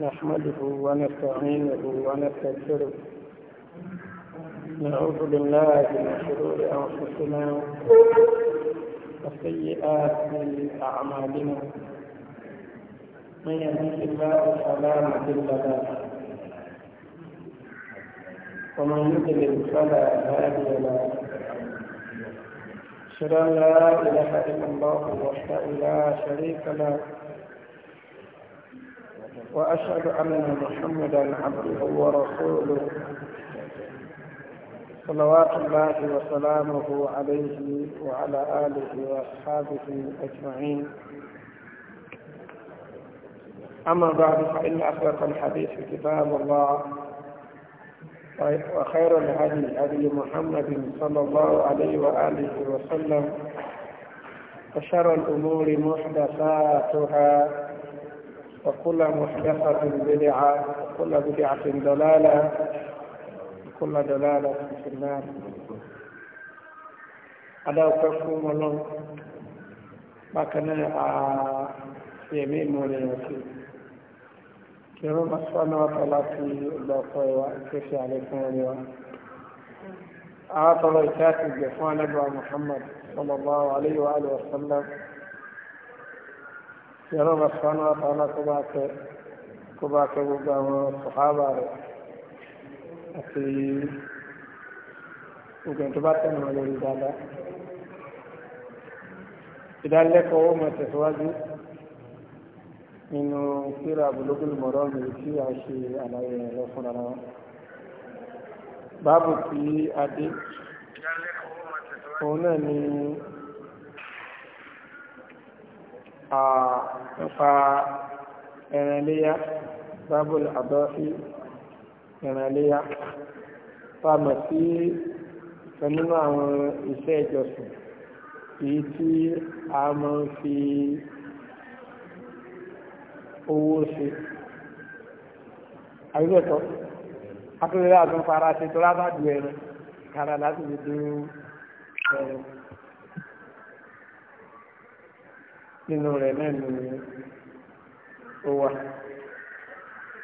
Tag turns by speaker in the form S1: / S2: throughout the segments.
S1: نحمده ونستعينه ونستغفره نعوذ بالله من شرور انفسنا وسيئات اعمالنا من يهده الله فلا مضل له ومن يضلل
S2: فلا هادي له
S1: اشهد ان لا اله الا الله وحده لا شريك له وأشهد أن محمدا عبده ورسوله صلوات الله وسلامه عليه وعلى آله وأصحابه أجمعين أما بعد فإن أصدق الحديث كتاب الله وخير الهدي هدي محمد صلى الله عليه وآله وسلم وشر الأمور محدثاتها وكل محدثة بدعة وكل بدعة ضلالة وكل ضلالة في النار ada ọpẹ́ fún Ọlọ́run bákan náà a fi ẹ̀mí ìmọ̀ rẹ̀ yàn sí kí ọlọ́run bá sọ náà tọ́ láti ọgbà ọkọ ìwà tó ṣe àlékún ọrẹ wa àwọn tọrọ ìṣe àti ìgbẹ̀ fún anábọ̀ Muhammad sallallahu alaihi wa alihi wa sallam yọ̀rọ̀ bá sọ́nà àtàlà kó bá kẹ́ kó bá kẹ́ gbogbo àwọn sọ̀hábà rẹ̀ àti gbogbo tó bá tẹ̀lé wọn lórí dáadáa. ìdálẹ́kọ̀ọ́ ó mọ̀ tẹ̀síwájú nínú kíra bulugul marami tí a ṣe àlàyé rẹ̀ lọ fúnra wọn. báàbù tí a dé òun náà ni nípa ẹran iléyá bábùlù àdọ́sí ẹran iléyá fáàmù sí ìkan nínú àwọn iṣẹ́ ìjọsìn èyí tí a máa ń fi owó ṣe àyíkẹ́tọ́ akérèlé àtúnfara ṣe tó lábàdù ẹran kára láti lè dúró ẹran. nínú rẹ̀ náà ni ó wà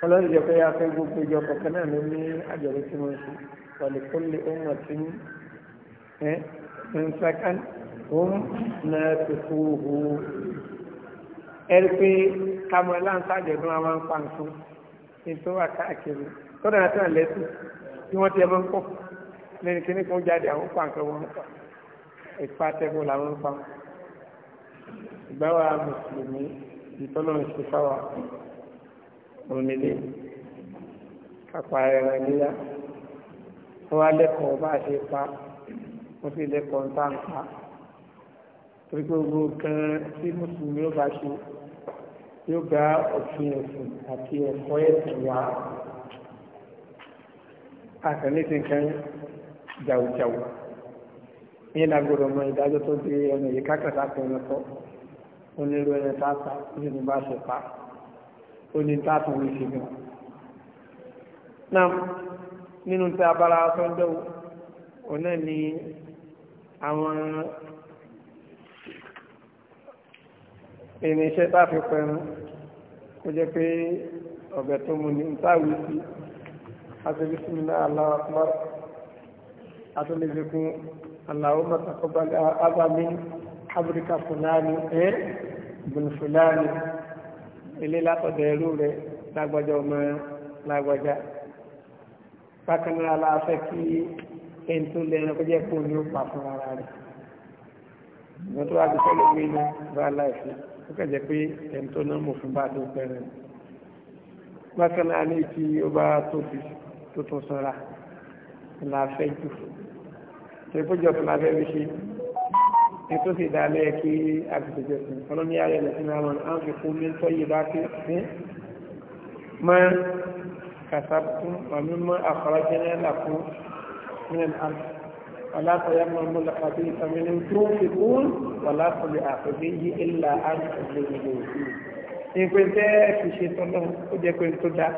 S1: ọlọ́run jẹ́ pé a fẹ́ gbogbo ìjọ kọ̀ọ̀kan náà ló ní àjọ̀dún tí wọ́n ṣe wàlẹ̀ kó lè ó mọ̀ tí ẹ́ ń sákán òun náà ti kú òhù ẹ̀rí pé kámọ́ láǹtàjọ̀dún àwọn ń pa nǹkan ètò wà káàkiri tọ́dà àti àlẹ́sìn tí wọ́n ti ẹ máa ń pọ̀ lẹ́nu kí ní jáde àwọn pa nǹkan wọn ń làwọn ń pa ìgbáwà mùsùlùmí ìtọ́lọ́run ṣe fáwà onílé kápá ẹ̀rọ ìlera wọ́n wá lẹ́kọ̀ọ́ bá ṣe pa wọ́n sì lẹ́kọ̀ọ́ ń tàn pa torí pé gbogbo kan tí mùsùlùmí ó bá ṣe yóò gba òfin ẹ̀sìn àti ẹ̀kọ́ ẹ̀sìn wá àtẹ̀lé ti nǹkan jàùjàù ní ìlàgbọ́dọ̀ mọ ìdájọ́ tó di ẹnu yìí kákàtà kan ẹ̀kọ́ onírú ẹ̀rẹ̀ tààtà ní ní bá ṣe pa oní tààtà ní ṣe gan. náà nínú tí a bára sọ́jọ́ ọ̀nà ni àwọn irinṣẹ́ tá fi pẹ̀rún kó jẹ́ pé ọ̀bẹ̀ tó mú ní táwí sí asibisiminá Allahu akbar atúlẹ̀fikún Allahumma taqabbal azami abúríkà fúlàní ẹ́ bùn fúlàní ilé látọ̀dọ̀ ẹrú rẹ̀ lágbájá ọmọ lágbájá bákan náà la fẹ́ kí ẹni tó lẹ́nu kó jẹ́ kó ní ó pa fún ara rẹ̀ ìgbọ́n tó wá ti sọ́lọ́ mi ní bá láìsí ó kẹ̀jẹ́ pé ẹni tó náà mọ̀ fún bá tó pẹ̀rẹ̀ bákan ní ti ó bá tóbi tó tún sanra la jù tó ìkójọ tó la ṣe ètò sì dálẹ́ kí agbègbè sùn ọlọ́ni ayọ̀ lẹ́sìn náà wọn á fi kún ní tọ́yì bá ti sìn mọ́ kàṣàbùkún àmì mọ́ àkọ́rọ́jẹ́ náà làkún ní àmì ọ̀làtọ̀yà mọ́ mọ́ làkàtí ìtàmì ní tó fi kún ọ̀làtọ̀lẹ̀ àfẹ́bí yí ìlà àmì ìgbèlè òsì. ìpè tẹ́ fi ṣe tọ́lọ́ ó jẹ́ pé tó dá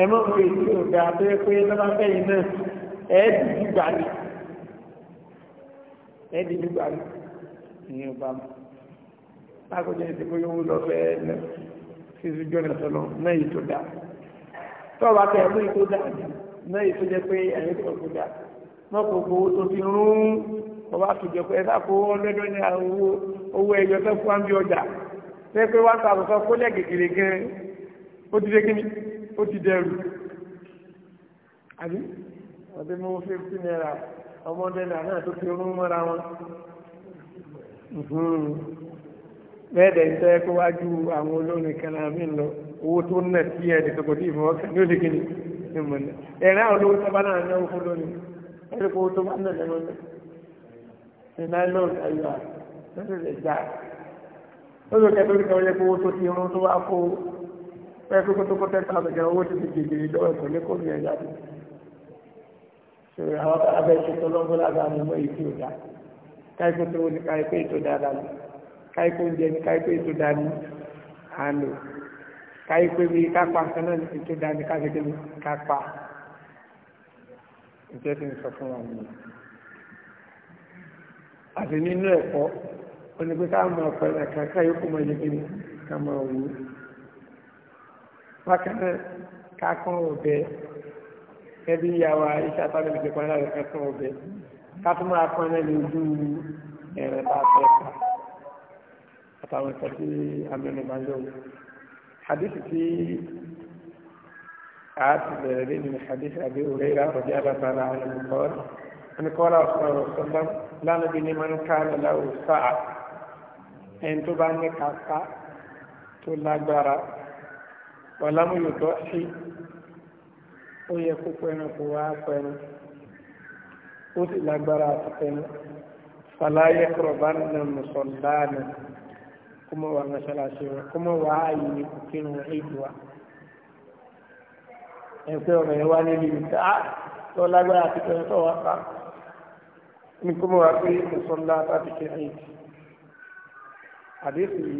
S1: ẹ mọ̀ pé tí ò dá tó yẹ pé lọ́ba ẹ̀ẹ́dì gbígbà ní ìyẹn ọba mọ́ lákòjọ ìsìnkú yóò lọ fẹ́ ẹ̀ẹ́nà sísú jọ́nà sọ́lọ́ náà yìí tó dáa tọ́ọ̀bù akẹ́ ẹ̀mú yìí tó dáa jù náà yìí tó jẹ́ pé ẹ̀yìn tó kó dáa mọ́ kò kó owó tó fi rún ọba tó jẹ́ pé ẹ sáà kó ọlọ́dọ́ ní owó owó ẹyọ tó fún àmì ọjà fẹ́ pé wọ́n ta àbùsọ kó lẹ́ gègèrè gan ó ti dé kíni ó ti dẹrù àbí ọ̀dẹ́mọ́wó fífi náírà ọmọdé náà tó fi rún mọ́ra wọn bẹ́ẹ̀dẹ̀ ń tẹ́ kó wájú àwọn olórin kan àmì lọ owó tó ń nà sí ẹ̀dẹ̀ tó kò tí ìfọwọ́ kan ní òdì kìíní ní mọ̀ ní ẹ̀rẹ́ àwọn olówó tó bá náà ní ọkọ̀ lónìí ẹ̀rẹ́ kó tó bá nà lẹ́mọ̀ ní ìná lọ́ọ̀ ayọ̀ lọ́sẹ̀ lè gbà ó lọ kẹ́tọ́ nípa ọyẹ kó owó tó ti rún tó wá kó pẹ́ẹ́kú kó tó kọ́ tẹ́ta àbẹ̀kẹ́ owó ti fi gègèrè lọ́wọ́ ìkọ̀lẹ́kọ̀ọ́ sọ̀rọ̀ àwọn abẹ́ ṣe tọ́lọ́gbọ́ lágbàá ni wọ́n èyí ò dá káíkó tó ni ní káíkó ètò dáadáa ni káíkó oúnjẹ ka káíkó ètò ni à ń lò ka ibi kápá sọ́nà ètò ni káṣíkè ní kápá ìjẹ́ ti ń sọ fún wa nìyẹn. àti nínú ẹ̀kọ́ onígbé ká mọ ọ̀pẹ ẹ̀ka káyọ̀kú mọ ẹ̀yẹ́kẹ́ ni ká mọ kẹbi ìyàwó iṣẹ́ àtàlẹ́ ìgbẹ́ pọ́n láti ẹ̀kan ọ̀bẹ ká tó máa pọ́n náà lójú ẹ̀rẹ̀ bá fẹ́ pa àtàwọn ìfẹ́ tí amẹ́nu bá yọ̀ wọ́n. hadith tí a ti bẹ̀rẹ̀ lé nínú hadith àbí òré ra ọ̀dí àbátára àwọn olùkọ́ ẹni kọ́ ra ọ̀sán ọ̀sán lánàá bí ní máa ń ká lọ́la òòsà ẹni tó bá ní kàkà tó lágbára ọ̀làmúyòtọ́ sí ó yẹ kó pẹran kó wá pẹran ó sì lágbára àti pẹran fàlàyé kọ̀rọ̀bá nínú mùsọ̀láàna kó mọ̀ wá mọ́ṣáláṣí wọn kó mọ̀ wá ààyè ní kòkínú ìlú wa ẹ̀pẹ́ ọ̀rọ̀ yẹn wá níbi ìta ah, tó lágbára àti pẹran tó wá pa ní kó mọ̀ pé mùsọ̀láàna ti ṣe àyè àdéhùn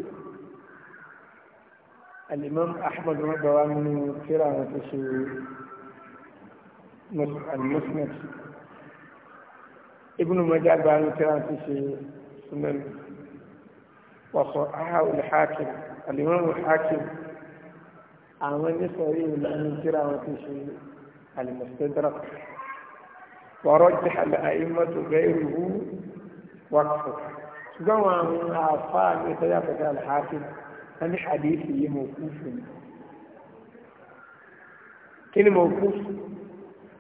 S1: الإمام أحمد رضي الله عنه كرامة شيء المسند ابن مجال بن كان في سنن وصححه الحاكم الإمام الحاكم عمل صحيح لأن ترى في المستدرك ورجح الأئمة غيره وقفه جمع من أعفاء يتجابة الحاكم أن حديثه موقوف كلمة موقوف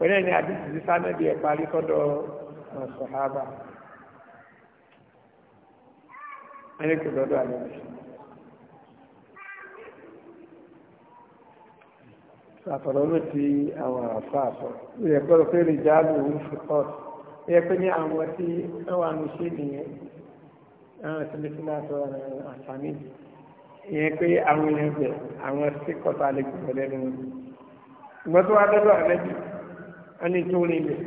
S1: pẹ̀lẹ́ ni àdìsí sí sánẹ́bì ẹ̀ parí sọ́dọ̀ sọ̀hábà ẹni kò lọ́dọ̀ àlẹ́bì àtọ̀rọ̀ ló ti àwọn àfáàfọ́ ilẹ̀ gbọ́dọ̀ pé lè jáàbù òun fi kọ́ọ̀tù ẹ pé ní àwọn tí wọ́n ń ṣe nìyẹn àwọn ìsinmi tí máa sọ àǹfààní ìyẹn pé àwọn èèyàn bẹ̀ àwọn sí kọ́ta lè gbọ́dọ̀ lẹ́nu ìgbọ́n tó wá lọ́dọ̀ àlẹ́bì ẹni tó rí lẹ̀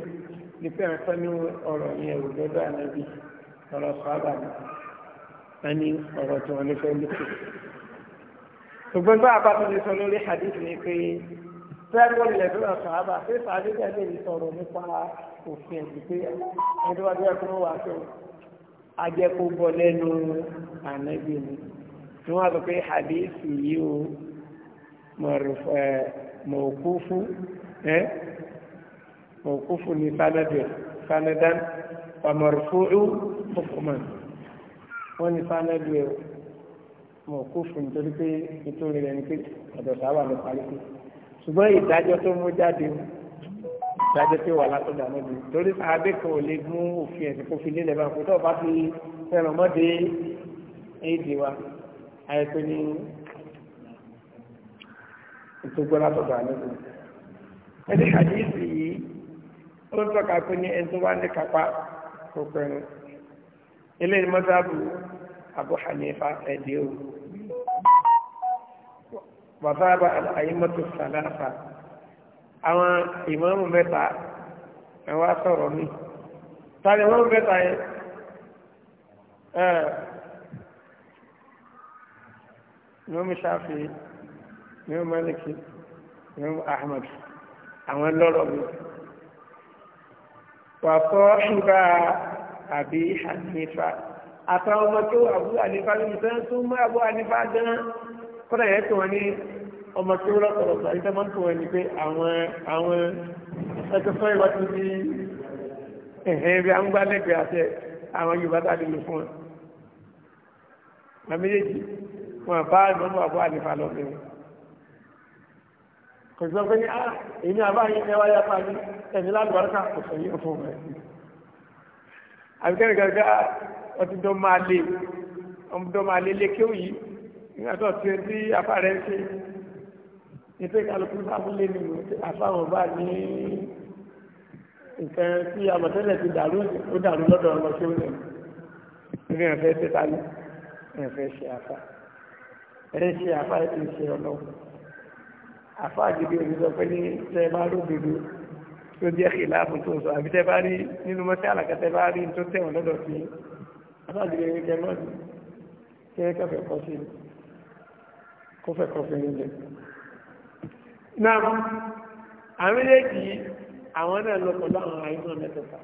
S1: ní pé ẹ̀fẹ́ ní ọ̀rọ̀ yẹn ò lọ́dọ̀ ànábì ọ̀rọ̀ sábà ẹni ọ̀rọ̀ tí wọ́n lè fẹ́ lókè. ṣùgbọ́n bá a bá tó lè sọ lórí hadith ni pé fẹ́ẹ́rọ ilẹ̀ tó lọ sọ àbá pé sàdé tẹ̀lé ìsọ̀rọ̀ nípa òfin ẹ̀sìn pé ẹni tó bá jẹ́ kó wà tó ajẹ́kó bọ́ lẹ́nu ànábì ni tí wọ́n sọ pé hadith yìí ó mọ̀ọ́kú fún ẹ́ mọ̀kúfù ní sanadan pàmọ̀rùfúù hukuman wọ́n ní sanadu ẹ̀ mọ̀kúfù nítorí pé nítorí rẹ̀ ní pé ọ̀dọ̀sá wà ní parí pé ṣùgbọ́n ìdájọ́ tó mú jáde ìdájọ́ tó wà látọ̀dọ̀ àmọ́dé torí abẹ́ kan ò lè mú òfin ẹ̀sìn kó fi lélẹ̀ báyìí kó tó bá fi fẹ́ràn mọ́dé éèdè wa àìpé ní ìtògbọ́n látọ̀dọ̀ àmọ́dé. ẹni àdéhùn yìí ó ń tọ́ka pé ní ẹni tó bá ní kápá kò pẹ̀rù eléyìí mọ́sáàbù Abu ẹ̀dẹ́ o bàbá àyímọ́tò sàlàfà àwọn ìmáàmù mẹ́ta ẹ̀wọ́ sọ̀rọ̀ mi tani ìmáàmù mẹ́ta yẹn nomi Ṣáfì ìmáàmù Málíkì ìmáàmù Ahmad àwọn lọ́rọ̀ mi. wàfọ́ ṣúgbà àbí hanifa àtàwọn ọmọ tó àbú hanifa lórí sẹ́yìn tó mú àbú hanifa gan kọ́nà yẹn tó wọn ní ọmọ tó lọ́pọ̀lọpọ̀ àti tẹ́mọ́ tó wọn ní pé àwọn àwọn ẹ̀kọ́ fún ìwà tó di ẹ̀hẹ́ bí amúgbálẹ́gbẹ̀ẹ́ àti àwọn yorùbá tá a lè lò fún wọn kò sí lọ́pẹ́ ní à ah, èmi àbáyé ẹwà yá pa ní ẹ̀mí lálùbáríkà kò sọ yìí fún rẹ̀ àbíkẹ́rì gàgà ah, ọtí dọ́ máa lé ọmọdọ́ máa lé lékéwù yìí nígbà tó ti rí afá rẹ̀ ṣe ètò ìkàlùkù sábúlé ni àfáwọn bá ní nǹkan tí àmọ̀tẹ́lẹ̀ ti dàrú ó dàrú lọ́dọ̀ ọmọ tí ó lẹ̀ nínú ẹ̀fẹ́ tẹ́tà ní ẹ̀fẹ́ ṣe àfá ẹ̀ṣẹ̀ àfá ẹ̀ ṣe ọlọ́run àfáàgìdì òṣìṣọ pé ní tẹ bá lódodo tó jẹ́ kìláàfù tó sọ àbí tẹ bá rí nínú mọ́tí àlàkà tẹ bá rí tó tẹ̀wọ̀n lọ́dọ̀ sí àfáàgìdì òṣìṣọ tẹ mọ́ tẹ kẹfẹ́ kọ sí kó fẹ́ kọ fún ilẹ̀. náà àwọn méjèèjì àwọn náà lọ pẹ̀lú àwọn àìsàn mẹ́tẹ̀ẹ̀ta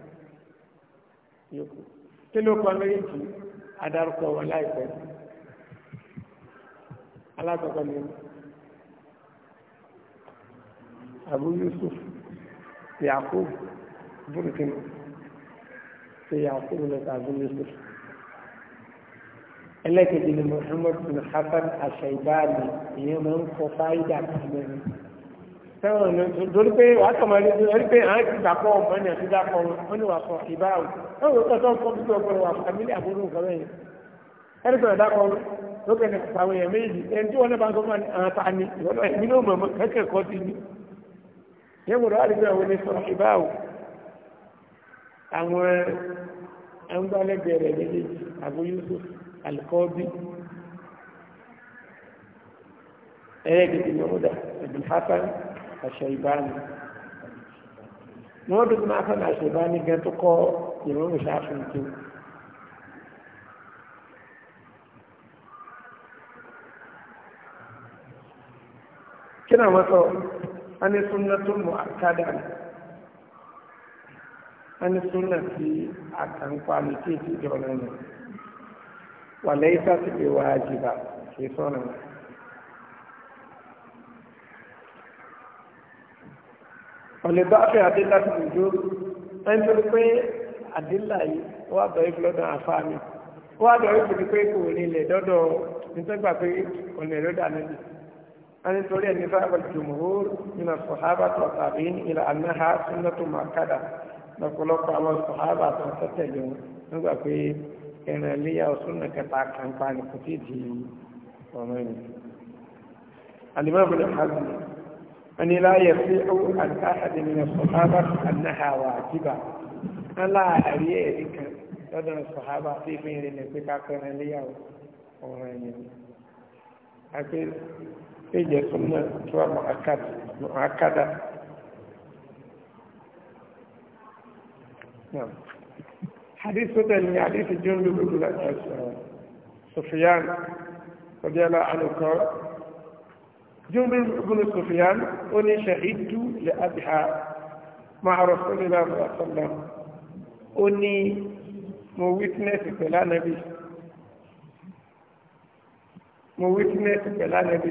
S1: yòókù kí ló kọ méjèèjì adarúkọ wọn láìpẹ́ alákọ̀ọ́kọ́ ni أبو يوسف yakub burkin ṣe yakub lọ́ta abu yusuf ẹlẹ́kẹ̀dẹ̀ ni muhammad bin hasan aṣaibani ìyẹn máa ń kọ fáyidà kàmẹ́rin sẹ́wọ̀n ní torí pé wàá kọ̀mọ́ ní torí pé àwọn ti dàpọ̀ ọmọ ní àti dàpọ̀ wọn ni wàá kọ ìbáwò wọn ò tọ́tọ́ kọ́ bí ọgbọ̀n wà fàmílì àbúrò nǹkan bẹ́ẹ̀ ẹni tó dàpọ̀ lókè ní pàwọn èèyàn méjì ẹni tí wọn náà bá ń sọ fún àwọn ta ni ìwọ́n náà mọ̀ mọ́ kẹ́kẹ́ kọ́ ti ní yẹn gbọ́dọ̀ wà nígbà wọn ní sọ ìbáwò àwọn ẹngbálẹ́gbẹ̀ẹ́ rẹ̀ méjèèjì Abu Yusuf alikọ́bí ẹlẹ́gbẹ̀ẹ́ mọ́múdà ibn Hasan aṣọ-ìbáni wọ́n dùn máa fẹ́ aṣọ-ìbáni tó kọ́ ìrọ̀rùn ṣáfún tó kí náà wọ́n sọ ani sunna tó mọ̀ àkádà ni ani sunna tí àkànkọ́ àmì tí èsì jọ̀ọ́nà ni wà lẹ́yìn sáàtì pé wà á jìbà kì í sọ̀nà ni. ọ̀lẹ́ bá fẹ́ àdílà tó dùn dúró ẹni tó pé àdílà yìí wà bọ̀ ibi lọ́dọ̀ àfáà mi wà bọ̀ ibi pé kò ní ilẹ̀ dọ́dọ̀ nítorí pé ọ̀nà ẹ̀rọ dà níbi. أن تولي النفاق الجمهور من الصحابة والتابعين إلى أنها سنة مؤكدة نقول لك على الصحابة تتجون نقول في إن لي وسنة كتاك عن قاني كتيتي ومين الإمام بن حزم أن لا يصيح عن أحد من الصحابة أنها واجبة ألا أريئك لدى الصحابة في فين لنفسك كان لي ومين أكيد eje sunna tuwa mu'akkada mu'akkada نعم حديث ثاني حديث جندب بن سفيان رضي الله عنه قال جندب بن سفيان اني شهدت لأضحى مع رسول الله صلى الله عليه وسلم اني mo witness pẹ̀lú ànábì mo witness pẹ̀lú ànábì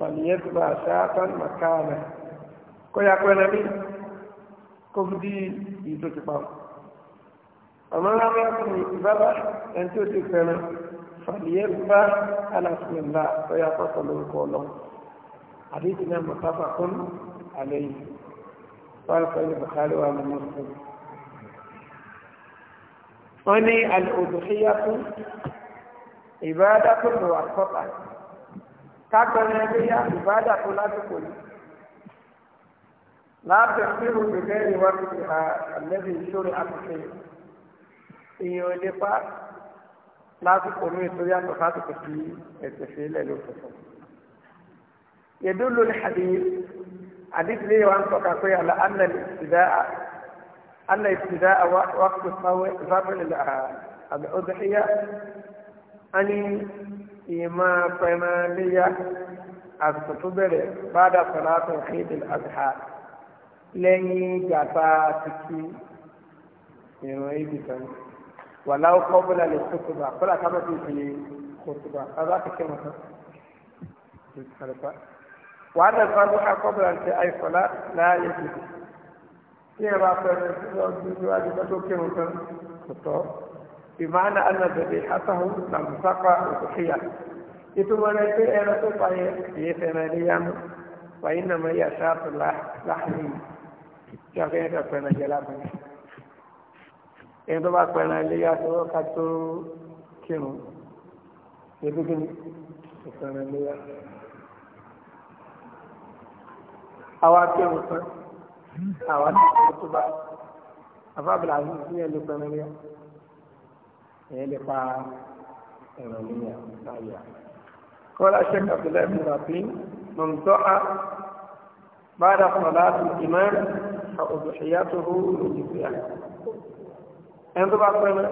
S1: fàníyẹ́tùbà sáátán màkàánà kọ́yà pẹ́rẹ́ mi kó fi dí ìyí tó ti pa ọ́ àmọ́ lábẹ́ ọkùnrin ìbábá ẹni tí ó ti fẹ́ràn fàníyẹ́tùbà aláṣẹ́lá kọ́yà pọ́pọ́ lórúkọ ọlọ́run àdéhùn náà mọ̀tàfà kún àlẹ́ yìí wọ́n fẹ́ ní bàkárẹ́ wà ní mọ́tò wọ́n ní àlùfíyà fún ìbáradá tó lọ́wọ́ àkọ́kọ́ kápẹ́rẹ́ ẹgbẹ́ yá ìbáàdà tó lásìkò yìí. láti fíìmù gbẹgbẹ́ ìwádìí ti ha àlẹ́bí ìṣòro àtúnṣe ìyẹn ò lè pa lásìkò ní ìtòrí àtọ̀ lásìkò sí ẹ̀sẹ̀ fi ilẹ̀ ló tuntun. يدل الحديث حديث لي وان تقاكوي على أن الابتداء أن الابتداء وقت الظهر الأضحية أن ìmọ̀ pẹ̀mọ́ léyà àsìkò tó bẹ̀rẹ̀ bàdà sọ̀látò ìdìl àbíhà lẹ́yìn ìgbàta títí ìrùn ìdì tán wà láwùkọ́ bọ́lá lè kótóbà kọ́lá ká má fi fi kótóbà kábà kékeré wọn tán. wàá dẹ̀ fún abúlé akọ́bọ̀lá ti àìsọ̀lá láàyè jù. tí ẹ bá fẹ́ràn sí lọ́ọ́ dúdú adúgbò tó kéwọn tán kò tọ́. بمعنى أن ذبيحته لم تقع أضحية يتوما نتي أنا تطعي يتناليا وإنما هي شاف لحم جاكين تكون جلابا إذا تبا كون ليا تو كتو كيمو إذا تكون ليا أواكي مصر أواكي مصر أفا بالعزيز هي اللي ليا èyí lè pa
S2: ẹ̀ràn ní àyà.
S1: kọ́lá sheikh abdullahi bin rafi mọ̀mùtọ́á bára kọ̀lá tó ìmọ̀ ọ̀dùnṣẹ́yà tó hó olùdíjìyà. ẹni tó bá pẹ́ mọ́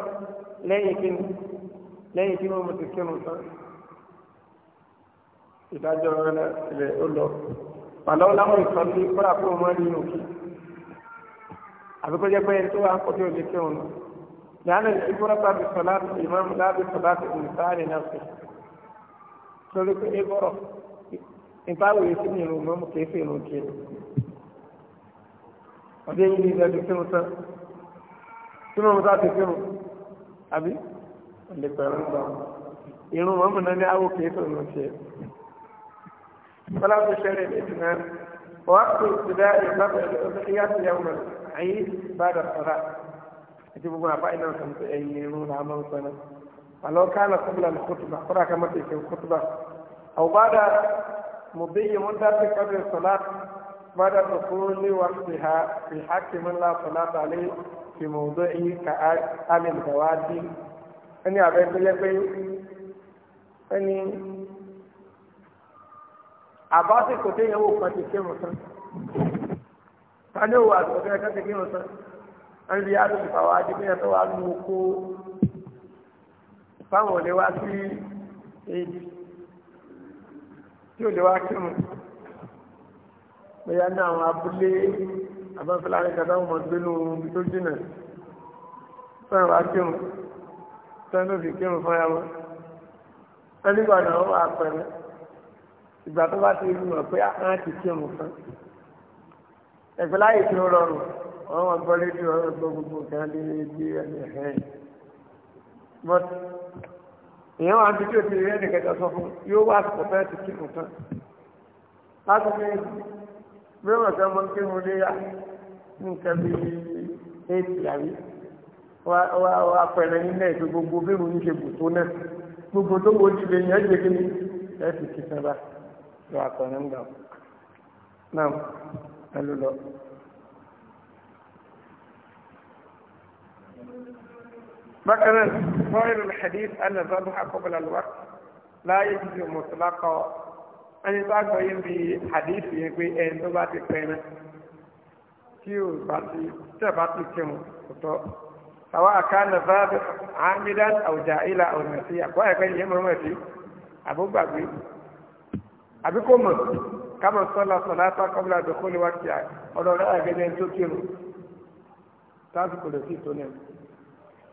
S1: lẹ́yìn kí ni lẹ́yìn tí mo ti kírun tán ìdájọ́ rẹ̀ ó lọ pàlọ́ láwọn ìsọ̀lẹ́ kọ́lá kó o mọ́ nínú kí àbíkọ́jẹ́ pé ẹni tó wà ń kọ́ tí o lè kírun náà. لأن العبرة بصلاة الإمام لا بصلاة الإنسان نفسه تلك عبرة ìbáwò yìí sí ní irun mọ́mú kìí fi irun kiri ọdẹ yìí ní ìdájọ́ kírun tán
S2: tí mọ́mú tá ti kírun
S1: àbí ọ̀lẹ́ pẹ̀lú gbà irun mọ́mú náà ní awò kìí fi irun kiri fọláwọ́ sẹ́rẹ̀ lẹ́tì náà wọ́n á kó ìtìlẹ́ àti gbogbo àbá iná kan tó ẹ̀yìn irun là máa ń sọ náà àlọ́ kánà kọ́bùlà ní kótóbà kọ́dà ká má tètè kótóbà àwòbádà mùbẹ́yẹ wọn dá sí kábíyè sọ̀lá bàdà tó kúrò ní wà sí ha fi hákì mi ńlá sọ̀lá tàlẹ́ fi mọ̀ọ́dọ́ èyí ká alẹ́ ìgbàwá dín ẹni àbẹ́ tó yẹ pé ẹni àbá sì kò téèyàn wò pàtó kí wọn sàn. ta ni ó wà àtọ̀kẹ́ ká ti kí wọn sàn wọ́n fi yára lùfà wá di bíyàn tó wà lù kó fáwọn ò lè wá sí èdè tí ò lè wá kírun bóyá ní àwọn abúlé abáfẹ́láńgá kàtà wọn gbénu ibi tó jìnà fẹ́ràn wá kírun tẹ́lú fi kírun fún ẹwọ́n ẹnìgbà náà wà pẹ̀lú ìgbà tó bá ti rí mọ̀ pé àwọn ti kírun fún ẹgbẹ́ láyé kírun rọrùn àwọn agbárí tí wọ́n gbọ́ gbogbo kan lé gbé ẹni ẹ̀hẹ́n but èèyàn wà níbi tí o ti rí ẹnì kẹta sọ fún yóò wá àsìkò fẹ́ ti kí nǹkan láti ní mẹ́wàá kan mọ́ kí mo lé yá nǹkan bí éèdì àrí wá wá pẹ̀lẹ́ nílẹ̀ ètò gbogbo bí mo ń ṣe bù tó náà gbogbo tó wo ti lè yẹn jẹ́ kí ni ẹ sì kí sábà lọ àpẹẹrẹ ń gbà náà ẹ ló lọ. بكرا ظاهر الحديث أن الذبح قبل الوقت لا يجوز مطلقا ẹni tó àgbọ̀yé bí hadith yẹn pé ẹni tó bá ti pẹ́ẹ́nà tí ò bá ti tẹ̀ bá ti kírun kò tọ́ àwọn àkànnà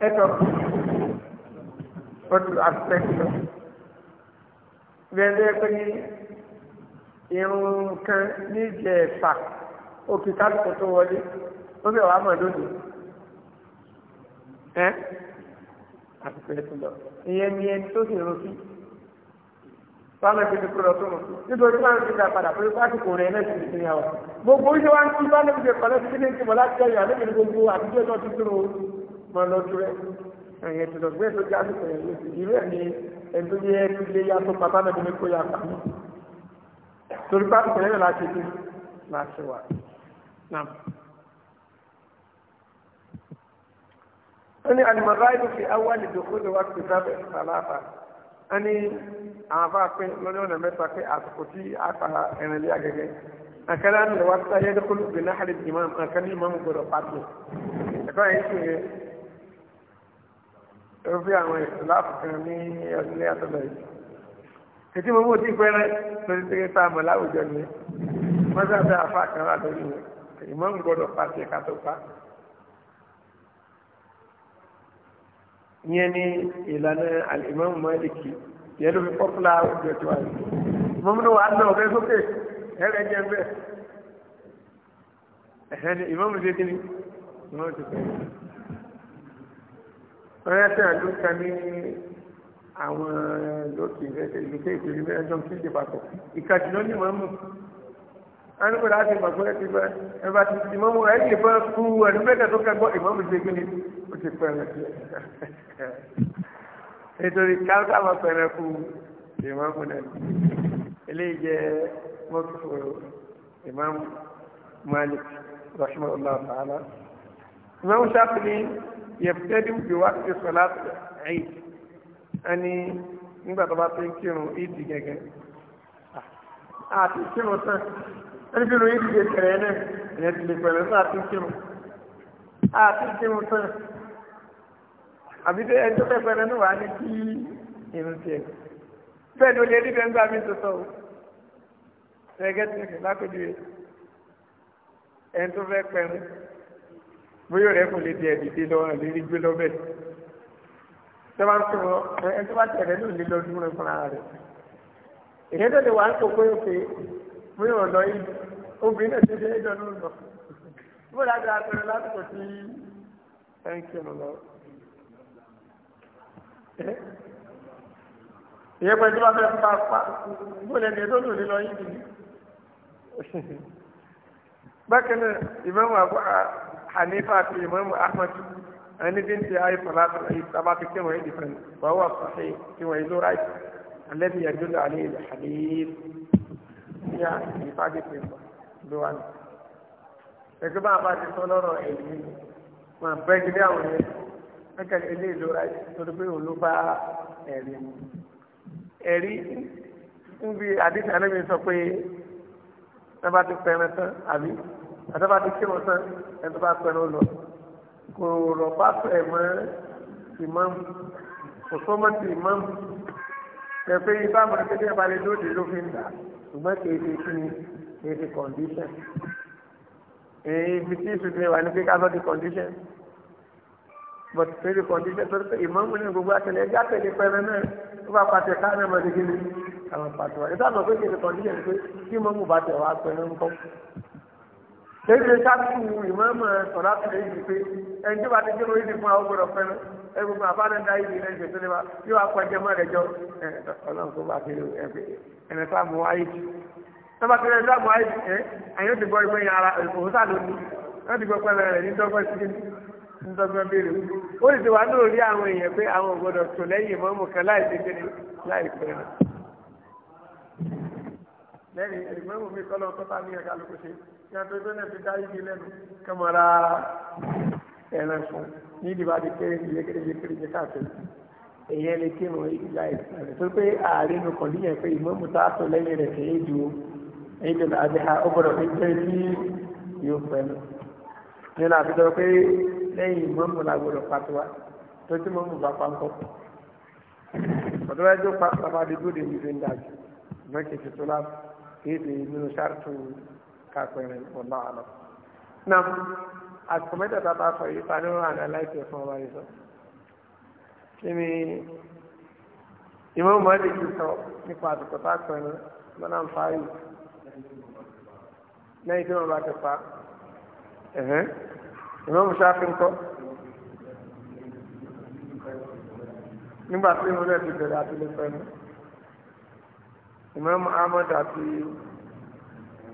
S1: Head of what aspect whether kani irun kan ní ìjẹ̀ẹ̀fà òkè kálukú tó wọlé ó bẹ̀ wàá mọ̀ lónìí ẹ́ àtìkò ẹ̀ tó lọ ìyẹn ni ẹni tó sì rún sí fáwọn ẹgbẹ́ tó kúrò tó mọ̀ nítorí fáwọn ẹgbẹ́ tó padà pé pásítọ̀ rẹ̀ náà ti ti ní àwọn gbogbo oṣù wa ń tún fáwọn ẹgbẹ́ tó kọ̀ lọ́sí kí ní ìtìmọ̀ láti ẹ̀yọ̀ àlejò gbogbo àtijọ́ tó ti dúró oṣù mọ́ lọ́dún rẹ̀ ẹ̀yìn ẹ̀tùtù gbé tó já sípò yẹn lóṣù ìlú ẹ̀ ni ẹ̀dú yẹ kí lé yá tó pátá náà ní kó yá pa mí torí bá tẹ̀lé náà láti dé láti wà náà. ẹni àlùmọ̀rá ìlú fi awọ́ àlejò kó lè wá sí sábẹ̀ sàlàfà ẹni àwọn afá pé lọ́dún ọ̀nà mẹ́ta pé àsìkò tí a pa ẹ̀rìn lé agẹ́gẹ́ àkàrà ń lọ wá sí ayé dẹ́kọ́lù gbẹ̀ná àlejò ìmọ̀ àkàrà ìmọ̀ gbọ́dọ̀ pàtó ẹ̀kọ́ yẹn ẹ̀rọ fi àwọn ìsìláàfù kan ní ọdún lẹ́yà tó bẹ̀rẹ̀ ètí mo mú òtí pẹ́rẹ́ lórí tẹ́gẹ́ tá a mọ̀ láwùjọ ni wọ́n sábà afá kan wà lórí rẹ̀ ìmọ̀ ń gbọ́dọ̀ pa sí ẹ̀ka tó pa. ìyẹn ní ìlànà Imam Maliki yẹn ló fi pọ́pùlà àwùjọ tó wà yìí mọ́mọ́nù wà lọ ọ̀bẹ sókè ẹ̀rẹ̀ jẹ́ bẹ́ẹ̀ ẹ̀hẹ́ni ìmọ̀ mi ṣe kí ni ìmọ̀ mi ṣe pẹ́ẹ́rẹ́ rántí àdúgbò ní àwọn lókè ìrẹsẹ̀ ìgbésẹ̀ ìpínlẹ̀ mẹ́rin jọ kí n ṣe pàtó ìkàtí ló ní mọ́mù anúgbò láti mọ̀ pé ti bá ẹ bá ti ti mọ́mù ẹ̀ lè bá kú ẹ̀rú mẹ́ta tó kẹ́gbọ́ ìmọ̀mù ṣe gbé ni ó ti pẹ̀rẹ̀ sí ẹ̀ nítorí káńtà máa pẹ̀rẹ̀ kú ìmọ̀mù náà eléyìí jẹ́ mọ́tò ìmọ̀mù Malik rahimahullah ta'ala ìmọ̀mù Shafi'i yẹ̀pẹ́dì bí wá ti sọ láti ẹ̀yìn ẹni nígbà tó bá ti ń kírun ìdí gẹ́gẹ́ àti kírun tán ẹni kírun ìdí gẹ́gẹ́ náà ẹ̀yẹ ti lè pẹ̀lú sí àti kírun àti kírun tán àbí tẹ ẹni tó fẹ́ pẹ̀lú ní tu ní
S2: kí
S1: irun tiẹ̀ bẹ́ẹ̀ bóyá rẹ̀ kò lè di ẹ̀dìdì lọ́wọ́ lè rí gbé lọ́bẹ̀. Tọ́ba ń sọ ẹ tó bá tẹ̀lé ló lè lọ dúró fún ara rẹ̀. Ìyẹn tó lè wà ń kó pé òkè bóyá ọ̀nà ìlú obìnrin náà ti dé ẹjọ́ ló lọ. Bó dájú àtẹ̀rẹ̀ lásìkò tí ẹ ń kírun lọ. Ìyẹn pẹ̀lú bá fẹ́ pa pa bó lẹ́ni ẹ tó lò lè lọ yìí nìyí. Bákan náà ìmọ̀ àwọn àbúrò hanifa àti imam ahmed ẹni bí ń ti ayé fọláṣọ èyí sábà ti kí wọ́n yé dìfẹ́n wọ́n wà sọ́hé kí wọ́n yé ló ráì alẹ́bí yẹjú lọ àlẹ́ ilẹ̀ hadith ní à nípa dìfẹ́ pọ̀ ló wà ní. ẹgbẹ́ bá a bá ti sọ lọ́rọ̀ èyí mà bẹ́ẹ̀ kí ní àwọn yẹn mẹ́kà ilé ìlú ráì torí pé òun ló bá ẹ̀rí mu àtàbà ti kírun tán ẹni tó bá pẹ̀lú lọ kò rọ̀ bá pẹ̀ mọ́ ìmáàmù kò sọ mọ́ ti ìmáàmù pẹ̀pẹ́ ibà mọ̀ pé bí abalẹ̀ lóde ló fi ń dà ṣùgbọ́n kì ṣe kí ni kì ṣe condition èyí fi tí ìṣù ti wà ní pé ká di condition but pé di condition tó ṣe ìmáàmù ní gbogbo àtẹlẹ ẹgbẹ́ àtẹlẹ pẹ̀lẹ́ náà tó bá pàṣẹ ká náà mọ̀ ní kí ni àwọn pàṣẹ wà ní sáà pé kì ṣe condition pé kí mọ̀mù bá tẹ̀ wá pẹ̀lú ńkọ́ lẹ́yìn sáàtù ìmọ̀ọ́mọ̀ sọ̀rọ̀ àtúndé yìí pé ẹni tó bá ti jẹ́wọ́ yìí fún àwọn gbọ́dọ̀ fẹ́ràn ẹni gbogbo àbánadá yìí lẹ́yìn ìṣẹ̀tọ́ lẹ́wà yóò apá jẹ́mọ́ rẹ̀ jọ ọlọ́run tó bá kéré ẹ̀mí sáàmù ayé jù tó bá kéré sáàmù ayé jù ẹ̀ àyẹ̀wò ti gbọ́ ìgbẹ́ yẹn ara òun sáà ló ní wọ́n ti gbọ́ pẹ́lẹ́ rẹ̀ ní dọ́gbọ́n sí ntọ́gbọ́n béèrè ó sì wá lórí àwọn èèyàn pé àwọn ògbọ́dọ̀ tó lẹ́yìn mọ́mù kan láì ṣe kéde láì pẹ́ lẹ́yìn ìgbẹ́mù mi kọ́ lọ́kọ́ ní ẹ̀ka lóko ṣe yàtọ̀ tó náà fi dá igi lẹ́nu kẹmọ́ra ẹran fún ní ìdìbò àti kéré ìyẹ kéré ìyẹ kéré ìyẹ káàkiri èyí ẹni kí nù ìlà ìsìlẹ̀ tó pé ààrẹ nù kàn níyẹn pé ìmọ̀mù tá a tó lẹ́yìn rẹ̀ kì í ju ẹ̀yìn tó láti ha ó gbọ́dọ̀ fi jẹ́ sí yóò pẹ̀lú nínú àfihàn pé lẹ́yìn ìmọ̀mù la gbọ́dọ̀ pàtó wa tó tí mọ̀mù bá pa ń kọ́ ọ̀dọ́ ẹjọ́ pàtó àbádé gbọ́dọ̀ ìlú fi mọ́kì tuntun lá kì nínú sáà tó kápẹ́rin ọ̀la àlọ́. náà àsìkò mẹ́tẹ̀ẹ̀ta bá sọ yìí ta ni wọ́n àná láìpẹ́ fún ọba yìí sọ. kí ni ìmọ̀ mọ́lẹ̀ yìí sọ nípa àsìkò tá a pẹ̀rin lọ́nà ń fa yìí lẹ́yìn tí wọ́n bá ti pa ìmọ̀ mùsàfì ń kọ́.
S2: nígbà tí ìmọ̀ náà
S1: ti bẹ̀rẹ̀ àti lè pẹ̀rin ìmọ̀ Ahmad àti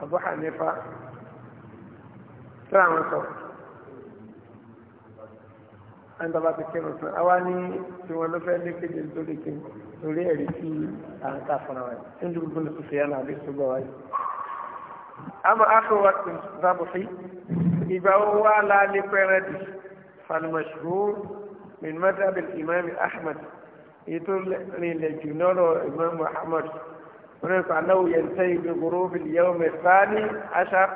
S1: أبو حنيفة سلام عليكم عند الله تكيب رسول أواني سوى لفعل لك جلدولك سوري أريكي أنا كافر أواني سنجو بلدون سفيانا عليك سوى أما آخر وقت ربحي إذا هو لا لبرد فالمشهور من مذهب الإمام أحمد يتول لجنور الإمام محمد ولذلك أنه ينتهي بغروب اليوم الثاني عشر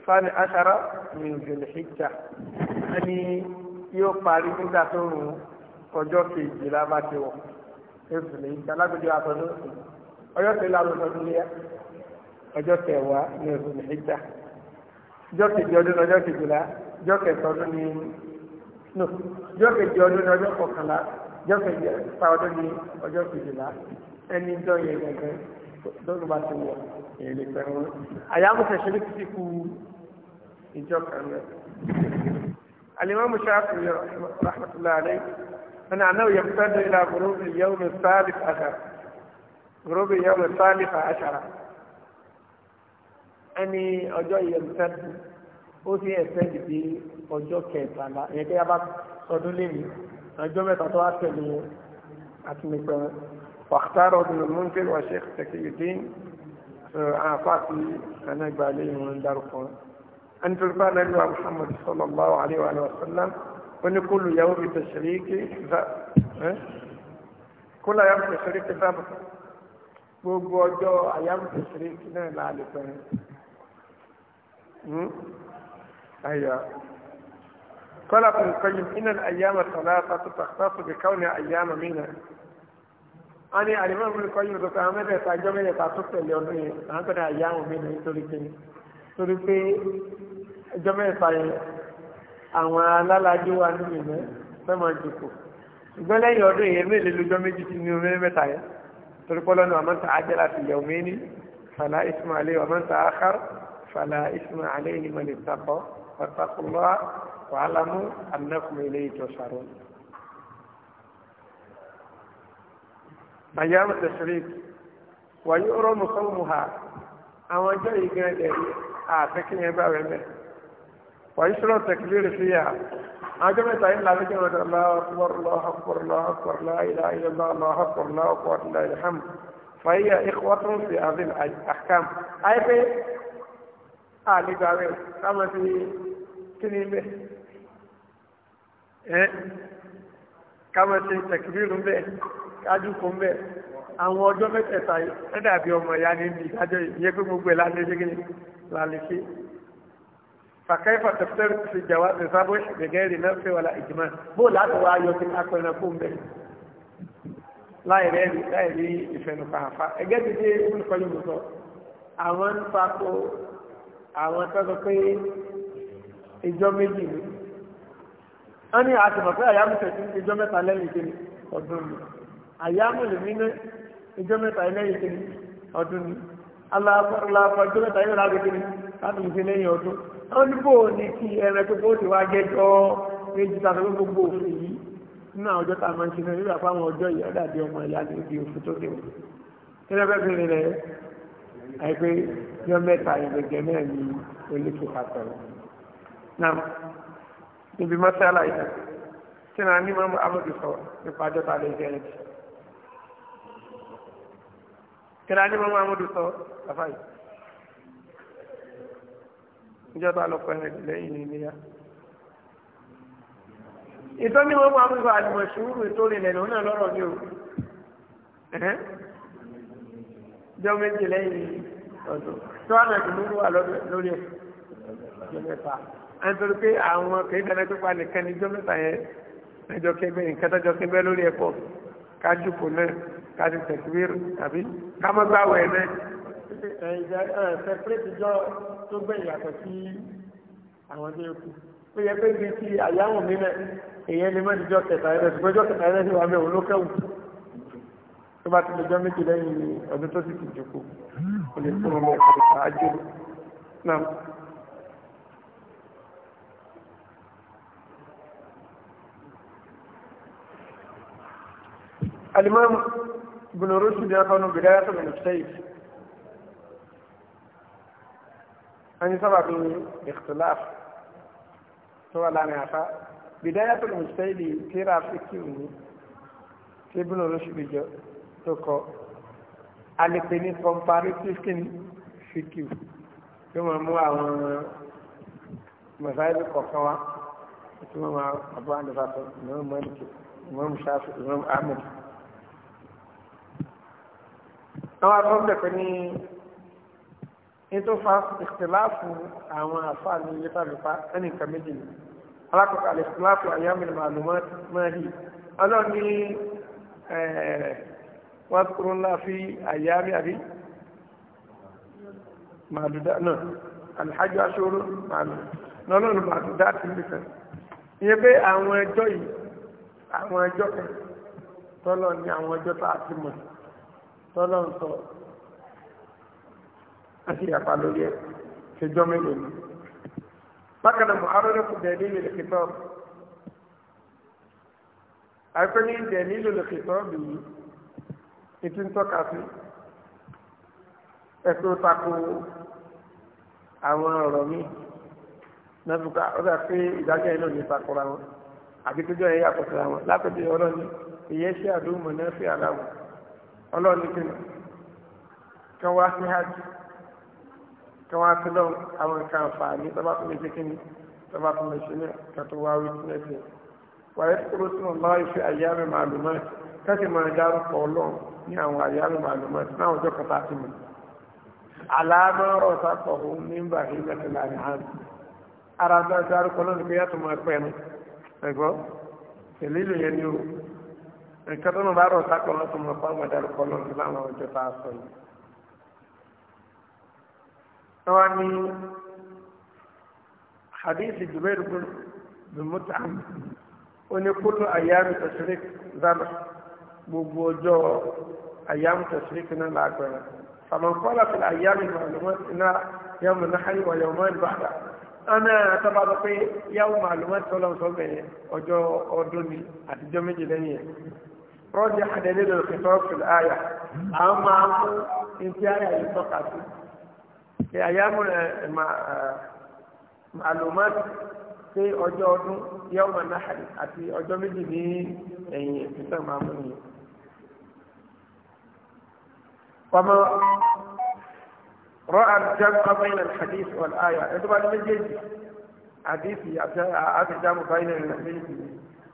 S1: الثاني عشر من ذي الحجة أني يقاري من ذاته ọjọ́ kejì la bá ti wọ̀ ẹ̀fìlẹ̀ ìjà lágbèjọ àtọ́jú ọjọ́ kejì àtọ́jú ọdún yá ọjọ́ kẹwàá ní ẹ̀fìlẹ̀ ìjà ọjọ́ kejì ọdún ọjọ́ kejìlá ọjọ́ kẹta ọdún ní no ọjọ́ kejì ọdún ní ọjọ́ kọkànlá ọjọ́ kejì ọdún ní ọjọ́ kejìlá ẹni jọ yẹ gẹ́gẹ́ lọ́nà bá ti wọ èlé pẹ̀lú àyàmùsẹ̀ ṣe ní títí kú ìjọ kan rẹ̀. alimami shafi rahmatullahi alayhi ana anahu yamtadu ila gurubi yawmi salif ashara gurubi yawmi salif ashara ẹni ọjọ́ yamtadu ó sì ẹsẹ̀ dìde ọjọ́ kẹtàlá ẹ̀yẹ́dẹ́yà bá sọdún lé mi ọjọ́ mẹ́ta tó wá tẹ̀lé àtúnipẹ̀rẹ̀. واختاره ابن المنذر والشيخ تكي الدين أعطاكي آه، أنا عليه من داركم أن تربان الله محمد صلى الله عليه وآله وسلم وأن كل يوم تشريك ذا كل يوم تشريك ذا بوجو ايام تشريك kí náà láàlẹ́ pẹ̀lú قال ابن القيم إن الأيام الثلاثة تختص بكونها أيام منها wọ́n ní àdìmọ́ mi kọ́ yóò dọ́kọ̀ àwọn mẹ́tẹ̀ẹ̀ta ìjọ mẹ́tẹ̀ẹ̀ta tó tẹ̀lé ọdún yẹn àwọn tó dáa yá àwọn mẹ́tẹ̀ẹ̀ nítorí pé torí pé ìjọ mẹ́tẹ̀ẹ̀ta yẹn àwọn alálàájú wa nínú ìmọ̀ fẹ́ máa jòkó ṣùgbọ́n lẹ́yìn ọdún yẹn mélòó lójọ́ méjì tí ní omi mẹ́ta yẹn torí pé lọ́nà àmọ́ ta ajẹ́ láti yẹ omi ní fàlà ìsúnmọ́ àmọ́ ta akar fàlà ìsúnmọ́ àlẹ́ ìnìmọ̀ lè أيام التشريك ويؤرم صومها أما جاي قال لي أعتقد آه، يبقى بمه ويشرع التكبير فيها أجمع تعين لا تجمع الله أكبر الله أكبر الله أكبر لا إله إلا الله الله أكبر الله قوة إلا الحمد فهي إخوة في هذه الأحكام أي آه، في أهل جاوي كما في تنيمه كما في تكبير به ṣáájú fún bẹ́ẹ̀ àwọn ọjọ́ mẹ́tẹ̀ẹ̀ta ẹ dàbí ọmọ ìyá ní ibi ìdájọ́ ìyẹn pé gbogbo ẹ̀ lálẹ́ ṣe kíni lálẹ́ ṣe. fàkẹ́fà tẹ̀fẹ́rẹ́ ti jàwá ti sábó gẹ́gẹ́ rì náà fẹ́ wàlá ìjìmá bó láti wá ayọ̀ ti apẹ̀rẹ̀ fún bẹ́ẹ̀ láì rẹ́ rí láì rí ìfẹ̀nùfàǹfà ẹgẹ́ ti dé olùkọ́ yìí mú sọ àwọn ń fako àwọn tọ́jọ́ pé ìjọ méjì ni wọ́n ní àtìmọ̀ pé àyàmùsẹ̀ ti ń ìjọ mẹ́ta lẹ́yìn ìkíni ọdún mi àyámùlù mi ní ìjọ mẹ́ta ẹlẹ́yìn kiri ọdún ni aláàpọ̀ mẹ́ta ẹlẹ́yìn lágbègbè ni láti fi lẹ́yìn ọdún wọ́n ní bò ní kí ẹran tó bó ti wá jẹ́jọ́ méjì tàbí gbogbo òfin yìí nínú àwọn ọjọ́ tá a máa ń ṣe náà nígbà fáwọn ọjọ́ yìí ọ̀dàdé ọmọ ìyá ní ibi òfin tó dé wọn. kílẹ̀ bẹ́ẹ̀ fi rìn rẹ̀ àìpé yọ mẹ́ta ìgbẹ̀gẹ̀ náà ní olókè pàtó. náà níbi mọ́sálà yìí tí náà ní mọ́mọ́ amọ̀dé sọ nípa ọjọ́ tá a lè jẹ́ ẹ̀jẹ̀ kíni adé mọ́ mahmudu sọ bàbá yìí ìjọba lọ́kọ̀ ẹ̀rẹ̀ lẹ́yìn ní ilé yá. ìtọ́ ní wọ́n mahmudu sọ àdìmọ̀ ìṣòro ètò ìrìnlẹ̀ lòun náà lọ́rọ̀ ní o jọ méjì lẹ́yìn ọdún tí wọ́n náà dùnú wà lórí ẹ̀ jọ mẹ́fà ẹ̀ nítorí pé àwọn kèéjọ́ náà tó pa nìkan ní jọ mẹ́fà yẹn ẹjọ́ kẹgbẹ́ nǹkan tó jọ kẹgbẹ́ lórí ẹ̀ pọ̀ kájúkò náà kájú tẹ̀síwìrì tàbí kámọ́gbáwẹ̀ náà. ẹ̀jẹ̀ ẹ̀ sẹ́pẹ́rẹ́tì jọ tó gbẹ̀yìn yàtọ̀ sí àwọn tó yẹ kú ó yẹ pé bíi ti àyáwò mi náà èèyàn lè mọ́ni jọ kẹta ẹ̀rọ ṣùgbọ́n jọ kẹta ẹ̀rọ ìwà mi ò ló tó bá ti lè jọ méjì lẹ́yìn ọdún tó sì ti jòkó kò lè fún ọmọ ìpàdé ṣáájú náà. alimam ibn rushd ya kawo bidaya ta bin sayyid an yi sababin ikhtilaf to wala ne afa bidaya ta bin sayyid tira fikki ne ti ibn rushd jo to ko alipe ni comparative kin fikki to ma mu àwọn masail kokawa to ma abu an da fa to imam malik imam shafi imam ahmad àwọn akọ́bẹ̀ pé ní ètò ìfìláàfù àwọn àfáàní létàlùpá ẹni nǹkan méjì ni alákọ̀ọ́kọ́ àlèfìláàfù àyàmìlì màlúmọ́ mẹ́rì ọlọ́run ní wọ́n kúrò ńlá fi àyàmì àbí màlúdá náà alhaji aṣọ́rọ̀ màlú lọ́lọ́run màlúdá ti nìkan ìyẹn pé àwọn ẹjọ́ yìí àwọn ẹjọ́ mọ̀ tọ́lọ́ ń sọ àti ìyàpá lórí ẹ̀ ṣèjọ́ mélòó ni. bákan náà muhammed kò dẹ̀ nílò lẹ́kìtọ́ àìpé ní dẹ̀ nílò lẹ́kìtọ́ bì í ètí ń tọ́ka sí ẹ̀sùn tako àwọn ọ̀rọ̀ mi nàbùkà ọ̀dà pé ìdájọ́ yẹn ló ní takora wọn àbí tó jọ yẹn yàtọ̀ wọn lápẹ̀jọ́ ọlọ́ni ìyẹn ṣe àdúgbò náà fi àdáwọ̀ ọlọ́run ní kíni kan wá sí hajj kan wá sí lọ́wọ́ àwọn nǹkan àǹfààní tó bá tún lè ṣe kíni tó bá tún lè ṣe ní kan tó wá wí sílẹ̀ sí wàá yẹ kúrò sínú ọlọ́run ìfẹ́ àyà mi màlúmọ́ kẹ́sì máa dárúkọ ọlọ́run ní àwọn àyà mi màlúmọ́ sí náà ọjọ́ kan ti mọ̀ aláàmọ́rọ̀ sápọ̀hún ní bàhí mẹ́tẹ̀lá ní hàn ara bá dárúkọ lọ́nà pé yàtọ̀ máa pẹ́ ẹnu ẹ̀gbọ́n tẹ̀lé ìlú yẹn ni o nǹkan tó ń bá rọ̀ sákọ̀ lọ́tọ̀ mọ̀ fún àwọn ẹ̀dárúkọ lọ́tọ̀ láwọn ọjọ́ tá a sọ yìí. wọ́n ní hadith jubair bin mut'am ó ní kullu ayyam tashrik zama gbogbo ọjọ́ ayyam tashrik náà lágbára. فمن قال في الأيام المعلومات إن يوم النحر ويومان بعد أنا تبعد في يوم معلومات صلى الله عليه وسلم أجو أردني أتجمع جدني رجح دليل الخطاب في الآية أما انتهاء آية يتوقع في أيام معلومات في أجود يوم النحر في أجود جديد أي كتاب معمولي وما رأى الجمع بين الحديث والآية إذا لم يجد حديثي أتى بين الحديث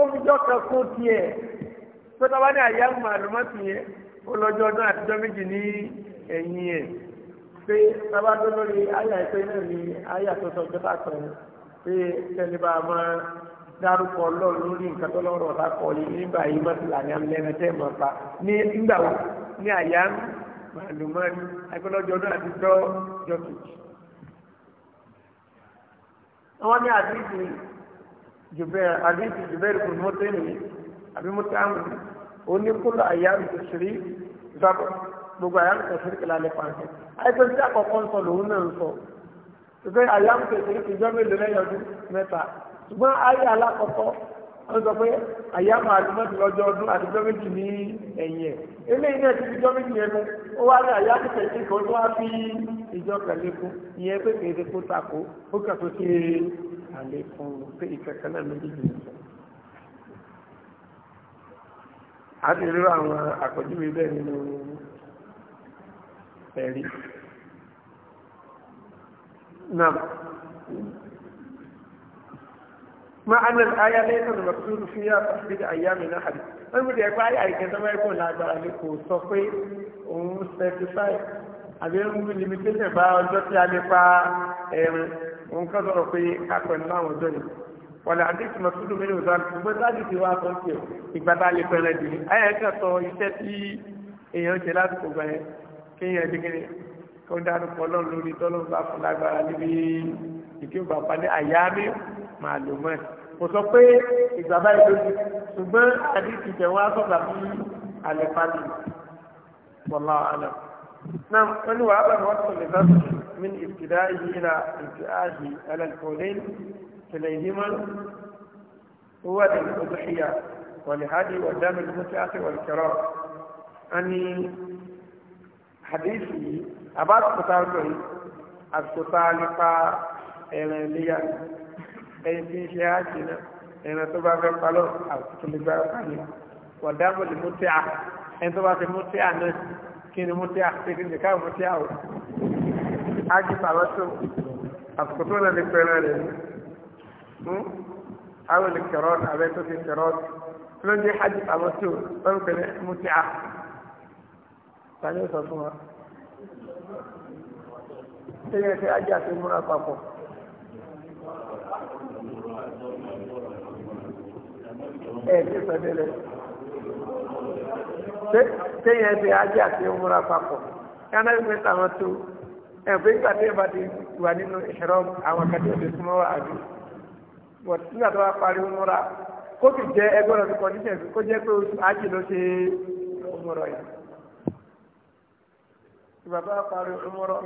S1: ọjọ́ kan kó kí ẹ tó tọ́wá ní àyà mú àrùmọ́tì yẹn ó lọ́jọ́ ọdún àtijọ́ méjì ní ẹ̀yìn ẹ̀ pé tábàdó lórí àyà ìpẹ́ náà ni àyà tó sọ pé pàtó pé tẹ́lẹ̀ bá a máa dárúkọ lọ́rùn lórí nǹkan tó lọ́rọ̀ ọ̀tá kọ yìí nígbà yìí má ti là ní amúlẹ́nu tẹ́ mọ̀ pa ní nígbà wo ní àyà mú àlùmọ́tì agbẹ́lọ́jọ́ ọdún àtijọ́ jọ́ kejì. àwọn ní àdúgbò jùbẹ́ àdìsí jùbẹ́rì kùn mọ́tẹ́ nìyí àbí mọ́tẹ́ àmì oníkúlọ̀ àyàmì tòṣìrí zábọ̀ gbogbo àyàmì tòṣìrí kìlá lè pàṣẹ. àìsàn tí àkọ́kọ́ ń sọ lòun náà ń sọ jùbẹ́ àyàmì tòṣìrí kìjọ́ mélòó lẹ́yìn ọdún mẹ́ta ṣùgbọ́n ayé alákọ̀ọ́kọ́ wọ́n sọ pé àyàmù àdúmọ̀tì lọ́jọ́ ọdún àdújọ́ méjì ní ẹ̀yìn ẹ̀ e. eléyìí náà ti fi jọ́ méjì yẹn mú ó wá ní àyàmù tẹ̀sí kan tó wá fi ìjọ pẹ̀lú ikú ìyẹn pé kéde kó takò ó kà tó ṣe é àlékún pé ìkẹ̀kẹ́ náà méjèèjì nìkan a ti rí àwọn àpèjúwe bẹ́ẹ̀ nínú ẹ̀rí náà مع أن الآية ليس المقصود فيها تحديد أيام الأحد wọ́n mú ti ẹ̀kọ́ ayé àìkẹ́ tó mẹ́rin kò lágbára ní kò sọ pé òun certify àbí ń mú limitation bá ọjọ́ tí a lè pa ẹ̀rùn nǹkan sọ̀rọ̀ pé kápẹ́ ní láwọn ọjọ́ yìí wọlé àdéhùn mọ̀túndù mi ní ọ̀sán gbogbo sáàdì ti wá sọ sí ọ ìgbà tá a lè pẹ́rẹ́ dì ní ayé kan sọ iṣẹ́ tí èèyàn ṣe lásìkò gbà yẹn kí èèyàn di kíni kó dárúkọ ọlọ́run lórí tọ́lọ́run bá fún lágbára níbi ìké bàbá ní àyà màá lò mọ́ ẹ̀ kò sọ pé ìgbà báyìí lójú ṣùgbọ́n àdéhùn ìjẹ̀wọ́ á sọ̀tà fún àlẹ́ pálí bọ́lá àná. náà wọ́n ní wàhálà ni wọ́n tún lè من ابتدائه إلى انتهائه على الكونين كليهما هو الأضحية ولهذه ودام المتعة والكرام أني حديثي أباد قطارتي القطارقة إيمانية أي في شهاتنا أنا تبع في القلوب أو تبع القلوب ودام المتعة أنت تبع في المتعة كين متعة تكين ذكاء متعة ágìfà lọ́sọ̀ àsìkò tó lẹ́nu pẹ̀rẹ́ rẹ̀ ní hmm? àwọn olùkẹ̀rọ̀ abẹ́ tó ti kẹ̀rọ̀ tó ló ń jẹ́ ágìfà lọ́sọ̀ lọ́nà pẹ̀lẹ́ mutí a. Tani ó sọ fún wa.
S2: Ṣé yẹn ti ájì àti múra papọ̀? Ẹ ti sọ délẹ̀. Ṣé
S1: ẹ̀fẹ́ nígbà tí ẹ̀bá ti wà nínú ìṣẹ̀rọ àwọn akadé òde súnmọ́ àbí wọ́n ti nígbà tó wá parí múra kó ti jẹ ẹgbẹ́ rẹ̀ kọ́ ní sẹ́yìn kó jẹ́ pé oṣù ájì ló ṣe ọmọrọ̀ yìí. ìgbà tó wá parí ọmọrọ̀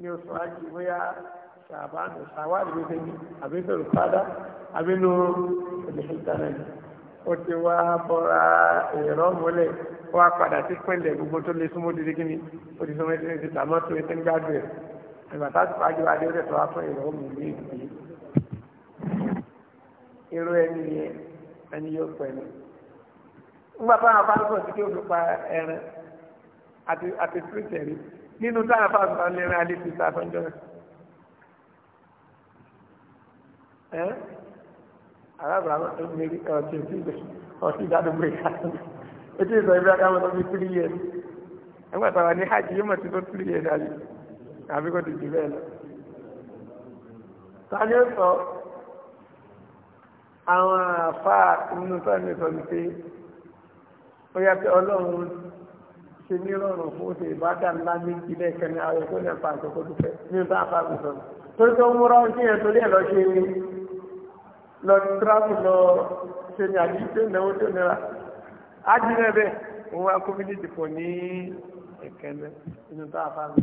S1: ní oṣù ájì bóyá ṣàbánu ṣàwárí ló ṣe àbí sọ̀rọ̀ padà àbínú ìdìbò ó ti wá bọ́ra ìrọ́mọlẹ̀ ó wá padà sí pẹ́ńdẹ̀ gbogbo tó lé súnmọ́ dídí kíni ó ti súnmọ́ dídí ti tàmọ́ tó etí ń gbádùn ẹ̀ ìgbà tá a ti pàjọ́ adé rẹ̀ tó wá fún ìrọ̀ mú ní ìdí. irú ẹni yẹn ẹni yóò pẹ̀lú. ńgbà táwọn afárúkọ̀ sí kí o fi pa ẹran àti àti tìrìtẹ̀rì nínú táwọn afárúkọ̀ lẹ́rìn alẹ́ ti sá fún jọ́nà. ẹ́ arábìnrin àwọn tó ń ọ̀tún ìdádùn gbé kàtó etí ìsọ ibi akáwọn tó fi three years nígbà táwa ní hajj yóò mọ̀ sí tó three years àlè àbí kò tètè bẹ́ẹ̀ lọ. sáré sọ àwọn àfa nínú sọ́ọ̀nì sọ ní pé ó yá pé ọlọ́run ṣe ní rọrùn fún oṣù ìbádàn ńlá méjì lẹ́ẹ̀kan ní àwọn ẹ̀kọ́ nípa àkókò dúpẹ́ nínú tá a fa àgùsọ̀ torí tó ń múra oúnjẹ yẹn torí ẹ̀ lọ ṣe lọ tíráfù lọ ṣe ní àdíjọ́ ìnáwó tó nira ájínà bẹ́ẹ̀ òun wá kọ́mídìtì ní ẹ̀kẹ́lẹ́ inú tó àfa mi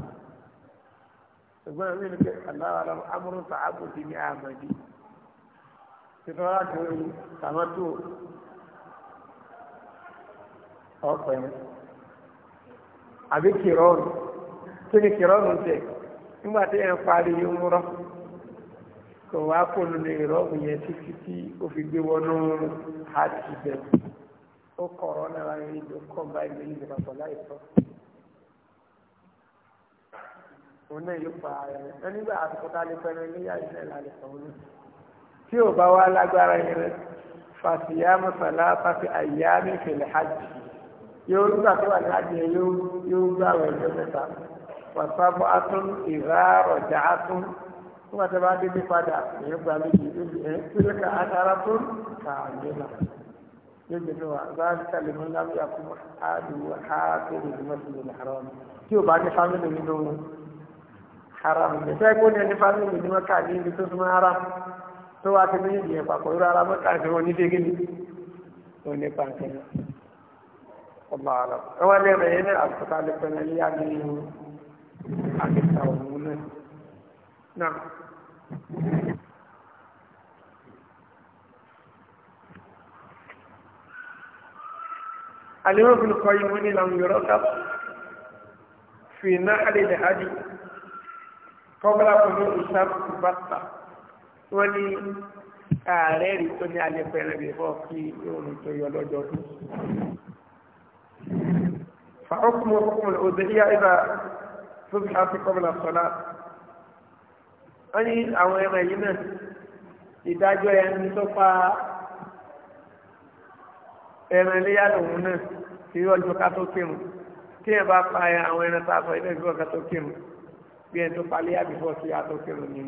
S1: ṣùgbọ́n mi ní pé aláwàlá amúrún ní títí mi àbí kìrọ́ọ̀nù kí ni kìrọ́ọ̀nù tẹ̀ nígbà tí ẹ̀ ń parí umrah kò wá kó lulẹ̀ ìrọ́ọ̀nù yẹn títí tí ó fi gbé wọnú ó kọ̀rọ̀ náà ìlú kọ́ bá ìlú ìlú papọ̀ láìpẹ́. òun náà yóò pa ara rẹ̀ nígbà àsìkò tá a lè pẹ́ẹ́rẹ́ níyà yìí náà lálẹ́ pọ̀ òun. tí ò bá wá lágbára yẹn rẹ̀ fàṣìyàmù sàlá fàṣì àyàmì fèlè hajj yóò gbà tó wà ní hajj yẹn yóò gbà wẹ̀ ẹjọ́ mẹ́ta wàsábọ̀ atún ìrárọ̀ jà atún nígbà tó bá dé bí padà èèyàn gbà méjì ẹ̀ sílẹ̀ ká àtàrà tún kà á yé náà. يجنوا ذلك لمن لم يكن حاله حاكم المسجد الحرام tí o bá ní fámìlì nínú haram ní fẹ́ kó ní ẹni fámìlì ní mọ́ká ní ibi tó súnmọ́ haram tó wá ti ní ìyẹn papọ̀ irú ara mọ́ká ní wọn ní dégé ní wọn ní pàǹkì ní ọba ara ẹ wá lẹ́rọ yẹn ní àkókò alẹ́pẹ́ ní ilé àgbẹ̀ ní àkẹ́kọ̀ọ́ òun náà. الإمام ابن القيم لم يرتب في نحل الهدي قبل طلوع الشمس بطة ولي ààrẹ rí tó ní alẹ́ pẹ̀lẹ́ rẹ̀ bọ́ kí oòrùn tó yọ lọ́jọ́dún. fàákùnmọ́ fọ́kùnmọ́ òdèríyà ìbá tó bí a fi kọ́mọ̀lá sọ́lá. wọ́n ní àwọn ẹran yìí náà ìdájọ́ ẹni tó pa ẹran iléyà lòun náà kí ọjọ́ ká tó kírun tí ẹ bá pa àwọn ẹran tá a sọ ilé ìgbọ́ ká tó kírun bí ẹni tó palẹ́ àbífọ́ sí a tó kírun ní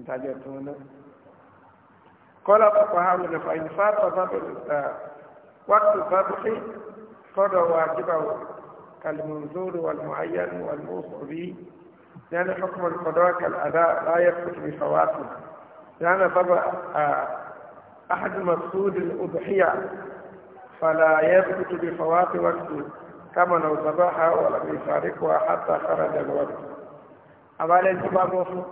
S1: ìtajà tó ń náà. kọ́lá pàpà àrùn nàfà ìfà pàpàpà wákìtì pàpàpà kọ́dọ̀ wà jíbà كالمنظور والمعين والموصى به لأن يعني حكم القضاء كالأداء لا يثبت بفواته لأن يعني طبع أحد مقصود الأضحية فلا يسكت بفوات وقته كما لو صباحا ولم يفارقها حتى خرج الوقت أما لا يسبب وفو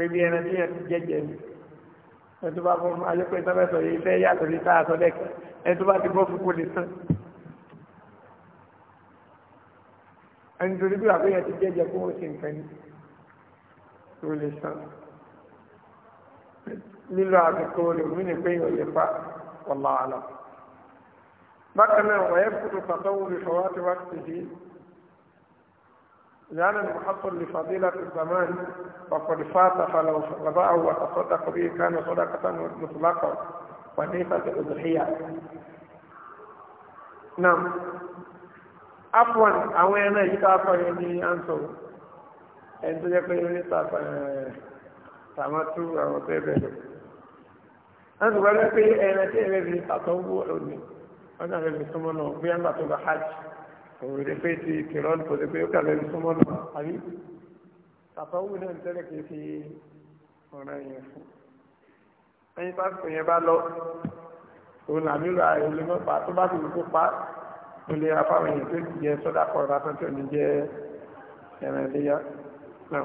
S1: bíbí ẹran tí yẹn ti jẹjẹ ni ẹni tó bá fọ fún ayọpẹ tó bẹsọ yìí fẹ yàtọ̀ ní sáà sọ lẹkẹ ẹni tó ti bọ fún kò lè tán ẹni tó ní bí ti jẹjẹ kó wọn ṣe nǹkan ni kò lè tán lílo àsìkò rẹ̀ mí ni pé yóò lè fa ọ̀la àlọ́. bákan náà wọ́n yẹ kó tó pàtó wúri fọwọ́ ti wá sí i لأن المحصل لفضيلة الزمان وقد فات فلو وضعه وتصدق به كان صدقة مطلقة وليست أضحية نعم afwan àwọn ẹran yìí tá fọyọ ní ansọ ẹni tó jẹ pé ní eh, tàmátú àwọn bẹ́ẹ̀ bẹ́ẹ̀ lọ wọ́n ti gbọ́dọ̀ pé ẹran tí ẹ̀rẹ́ fi pàtó wó òní wọ́n náà lẹ́bi súnmọ́ náà bí wọ́n bá tó bá hajj òun lè pé ti kìrọ́ọ̀nù kò lè pé ó kà lẹ́bi súnmọ́ náà àbí pàtó wó náà tẹ́lẹ̀ kì í fi ọ̀ràn yẹn fún. ẹyin pásítọ̀ yẹn bá lọ òun làmì lọ ààrẹ olè mọ́pa tó bá ti kó pa olè afáwọn èèyàn tó jẹ sọ́dá kọ̀ọ̀rọ̀ lásán tí ní jẹ ẹran iléyà náà.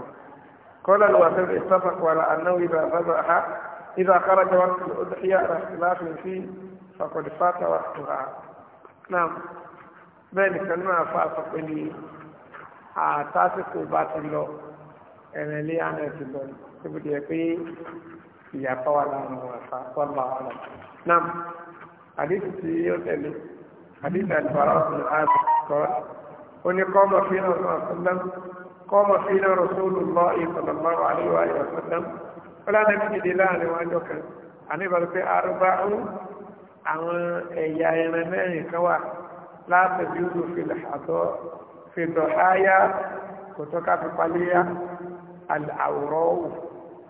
S1: kọ́lá ló إذا خرج وقت الأضحية على اختلاف فيه فقد فات وقتها نعم ذلك ما فات لي àtàsìkò bá ti lọ ẹ̀rìn ilé àná ti lọ níbi tí ẹ pé ìyàtọ̀ wà láàrin wọn àfa wọlá wà lọ. nam àdìsí tí ó tẹ̀lé àdìsí àdìbàrà ọ̀sùn àti kọ́ ó ní kọ́mọ fi hàn ọ̀sán lẹ́m kọ́mọ fi hàn rọ̀sọ́lù lọ ìsọ̀lọ̀ mọ́ àríwá ìwọ̀sán lẹ́m ọlọ́dẹ́bí dìde láàrin wọn jọ kan àníbàlù pé arúgbá ń àwọn ẹ̀yà ẹran mẹ́rin kan wà látọ̀bí ojú fìlà àtọ́ fìdọ̀ áyá kò tọ́ka fi paléyà àwòrán òwò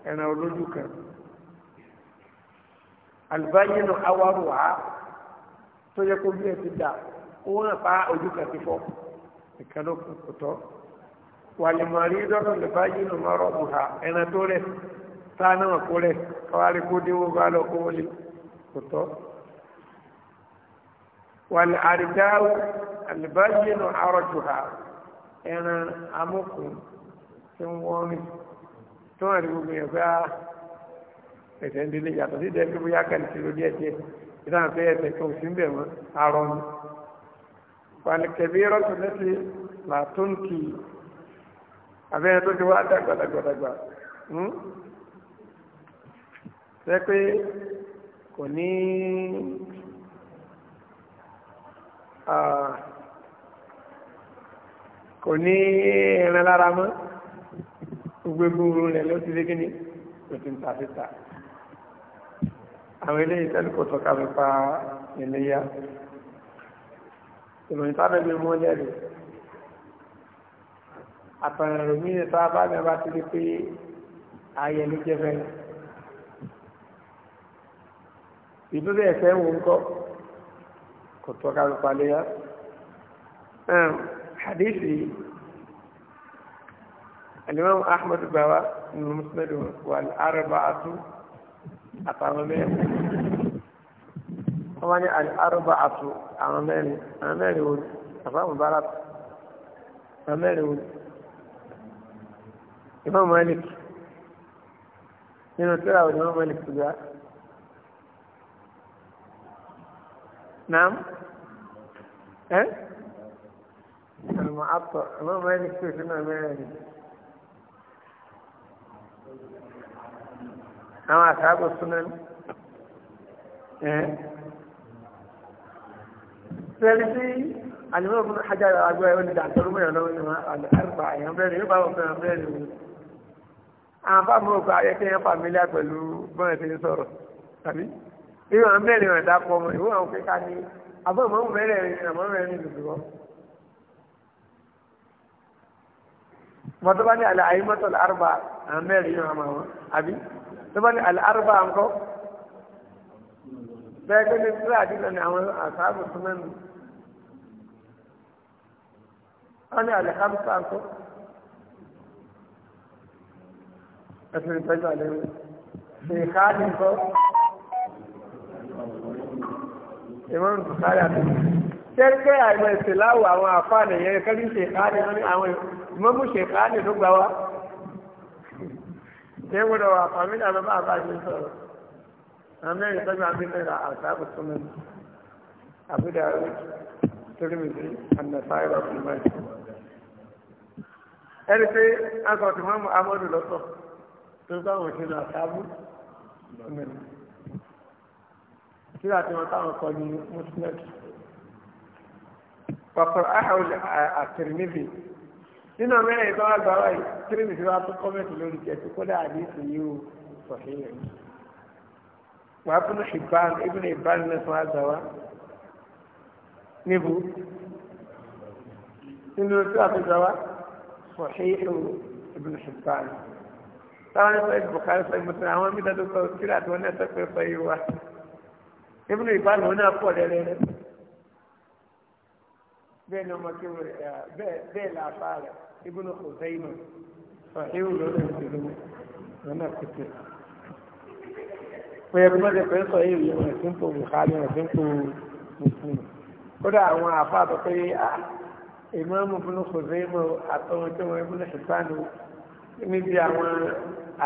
S1: ẹran olójú kan àlùbáyínú awárùwá tó yẹ kó bí ẹ ti dà ó hàn pa ojú kan ti fọ́ ìkànnì kò tọ́ wàlìmọ̀rí dọ́dọ̀ lè mọ́rọ̀ òhà ẹran tó rẹ̀ sáà náà kó rẹ̀ káwárí kó dínwó bá lọ kó wọlé kò tọ́. wàlẹ̀ àrídáwò àlùbáyínú àrọ̀jùhà ẹran amókùn tí wọ́n rìn tó wọ́n rí gbogbo yẹn bá ah, ẹ̀sẹ̀ ń délé yàtọ̀ sí ìdẹ́gbẹ́ bóyá kàlí ti lórí ẹ̀jẹ̀ ìdáhùn pé ẹ̀sẹ̀ kan ò ń bẹ̀ wọ́n arọ́ ni. wàlẹ̀ kẹ̀bí rọ́tù lẹ́sí làtúnkì abẹ́rẹ́ tó ti wá dàgbàdàgbàdàgbà. Hmm? sẹ́ pé kò ní kò ní ẹran lára mọ́ gbogbo egbòrò rẹ̀ ló ti lé kíní kò ti ń ta síta àwọn eléyìí tẹ́lẹ̀ kò tọ́ka mi pa ìléyà ìròyìn tá bẹ́ẹ̀ mú lẹ́rù àtàrà ìròyìn tá bá bẹ́ẹ̀ bá ti rí pé ayẹyẹ ló jẹ́ bẹ́ẹ̀ ìbíbẹ̀ ẹ̀fẹ́ wò ń kọ́ kò tọ́ ká ló palẹ̀ yá hadithi alimam ahmed gbawa nínú musnadu wà ní araba atu àtàwọn mẹ́rin wọ́n ní araba atu àwọn mẹ́rin àwọn mẹ́rin wò ní bára àwọn mẹ́rin wò imam malik nínú tíra wò imam malik gbawa. نعم ها المعطر ما مالك في ما مالك أما أصحاب السنن إيه ثالثي الإمام ابن حجر أقوى يقول لك أنتم من أنا الأربعة يوم بين يوم أو بين بين àwọn fáwọn ọkọ ayẹkẹ yẹn fàmílíà pẹ̀lú bọ́n ẹ̀ ti ń sọ̀rọ̀ tàbí irú àwọn bẹ́ẹ̀ ni wọ́n dá pọ̀ mọ́ ìwé àwọn kíkà ní àbọ̀ ìmọ̀ mẹ́rẹ̀ àmọ́ mẹ́rẹ̀ ní dùdú wọn. mọ́tò bá ní àlẹ́ àyè mọ́tò àrùbá àwọn mẹ́rin yóò hàn wọn àbí tó bá ní àlẹ́ àrùbá ńkọ́ bẹ́ẹ̀ tó ní sílẹ̀ àdínà ní àwọn àṣàbò tó mẹ́nu. wọ́n ní àlẹ́ kámsá ńkọ́ ẹ̀sìn ìtọ́jú àlẹ́ rẹ̀ ṣèkáàdì ńkọ́ ìmọ̀n bùkárí àti tẹ́lifẹ́ àìmọ̀ ìsìláwò àwọn àfáàlẹ̀ yẹn kẹ́lí ṣèkáàlì wọn ni àwọn ìmọ̀mú ṣèkáàlì tó gbà wá ṣé gbọ́dọ̀ wà fàmílì àbẹ́ bá bá ṣe sọ̀rọ̀ àmì ìtọ́jú àbí mẹ́ra àtàkù tó mẹ́rin àbúdà torí mi sí ànàfáì rọ̀ fún mẹ́rin ẹni pé akọ̀tùmọ́mù amọ́dù lọ́tọ̀ tó bá wọn àtàkù tó mẹ́rin tíra tí wọ́n táwọn kọ ní muslim pàpàrọ̀ ahàwùl àtìrìmìbì nínú mẹ́rin ìtọ́ àgbàrá yìí tìrìmìbì wa tó kọ́mẹ̀tì lórí jẹ́sí kódà àdéhùn yìí ó sọ̀hìn yẹn wàá fún ìbán ibùdó ìbán náà fún àgbàwá níbo nínú tíra tó gbà wá sọ̀hìn ibùdó ìbán táwọn ẹ̀fọ́ ìbùkárẹ́ sọ ìbùsùn àwọn mídàdókọ̀ tíra tó wọn náà sọ pé sọ yìí wá ibùdó ìbánu náà pọ̀ lẹ́rẹ́rẹ́ bẹ́ẹ̀ ni ọmọ kéwù rẹ̀ bẹ́ẹ̀ làáfà rẹ̀ ibùdó kò sẹ́yìn mọ́ fàáhíwù lọ́dọ̀ ìṣèlú lọ́nà kùtù. pé ẹgbẹ́ mọ́tẹ́ pé ń sọ èyí ìwé rẹ̀ tí ń po Buhari rẹ̀ tí ń po Mùsùlùmí. kódà àwọn àfa àtọ́ pé ìmọ̀ ọmọ ibùdó kò sẹ́yìn mọ́ àtọ́wọ́n tí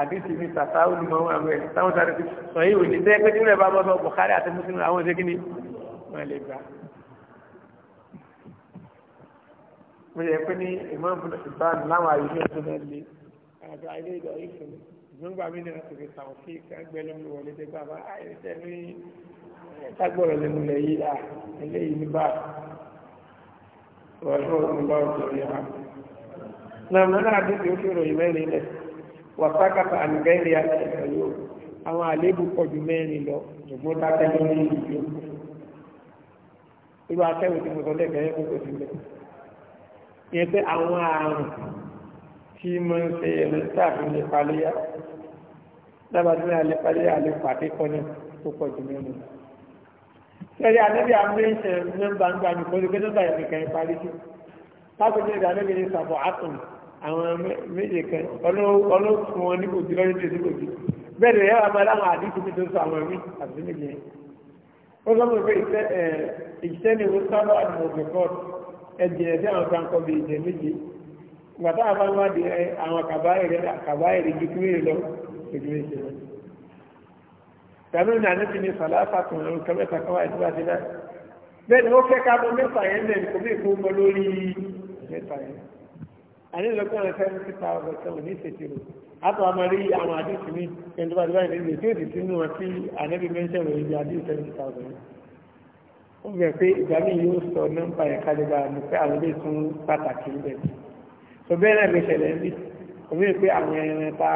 S1: àdìsí ní tàtàwù ní mọ́ àwọn ẹ̀rí táwọn sáré fi sọ yìí ò ní tẹ́ pé nílẹ̀ bá bọ́sọ̀ Bukhari àti Muslim àwọn ṣe kíni wọ́n lè gbà. mo yẹ pé ní ìmọ̀ ìbánu láwọn àyè ní ọdún náà lé àgbà ilé ìdọ̀ ìfún ìgbóngbà mi náà tòkè tàwọn fi gbẹ lómi wọlé dé bàbá àìsẹ ní tágbọ̀rọ̀ lẹ́nu lẹ̀ yìí à eléyìí ní báà wọ́n ó fi ròyìn mẹ́rin wàsákàtà àlùbẹ́ẹ̀rì àtẹ̀lẹ́yò àwọn àléébù pọ̀jù mẹ́rin lọ ṣùgbọ́n dákẹ́ lórí ìlú irú atẹ́wò tí mo sọ lẹ́gbẹ̀ẹ́ yẹn kókò sílẹ̀ yẹn pé àwọn àrùn tí mo ń ṣe ẹ̀rọ tàbí lè paléyà dábàá tí wọ́n lè paléyà lè pàdé kọ́ náà tó pọ̀jù mẹ́rin lọ. Ṣẹ́rí àdébí àmúlẹ́ṣẹ̀ nọ́mbà ń gbà mí kọ́ ló gbé nọ́mbà ìrìnkà ìparí sí. Pápẹ́ ní àwọn méje kan ọlọ́fún wọn ní kòjú lọ́yìn tó ní kòjú bẹ́ẹ̀ yẹ́ wà máa láwọn àdínkù tó sọ àwọn ẹ̀mí àti méje yẹn ó sọ pé ìṣẹ́ ni ó sábà ní ọ̀gbẹ̀ court ẹ̀jẹ̀ sí àwọn kan kọ́ bí ìjẹ méje ìgbà táwọn bá wá di àwọn kàbáyèrè ju kúrò lọ ojú méje lọ tàbí ní àníbi ni sàlásà kan ló kẹ́lẹ́ sàkọ́wà ìdúrà sí náà bẹ́ẹ̀ ni ó fẹ́ ká mọ mẹ́fà yẹn lẹ́nu yẹn ànílọ́gbọ̀n seventy thousand kan ní ìṣèṣirò àtọ́ a máa rí àwọn àdìsí ní ẹnìtọ́ba àdìbá ìdílé tí ó sì sínú wọn tí ànẹ́bí mẹ́ńṣẹ̀rọ ibi àdìsí seventy thousand ó bẹ̀rẹ̀ pé ìgbà míì yóò sọ nọ́mbà yẹn kálíbà ní pé àwọn ilé tún pàtàkì ń bẹ̀ tó bẹ́ẹ̀ náà ló ṣẹlẹ̀ ń bí òmí pé ẹran tá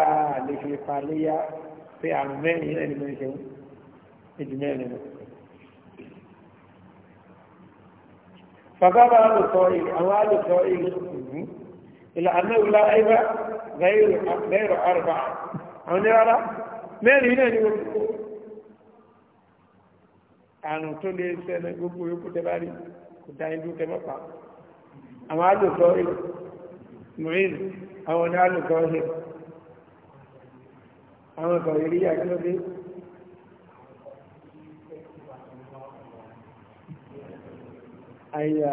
S1: lè fi pa léyà pé àwọn mẹ́rin náà ni mẹ́rin ṣe jù mẹ́rin lọ. bàbá bá lò sọ àwọn àlòsọ ìlú ìlà anáwòlá ẹgbẹ́ lẹ́rọ àrùbá àwọn onírárá mẹ́rin náà ni gbogbo àrùn tó lè ṣẹlẹ̀ gbogbo yóò kó tẹ́bá rí kò dá inú tẹ́ mọ́pa àwọn alùpọ̀ ìlú mùín àwọn ní alùpọ̀ ìlú àwọn ọ̀pọ̀ ìrí àkílódé àyà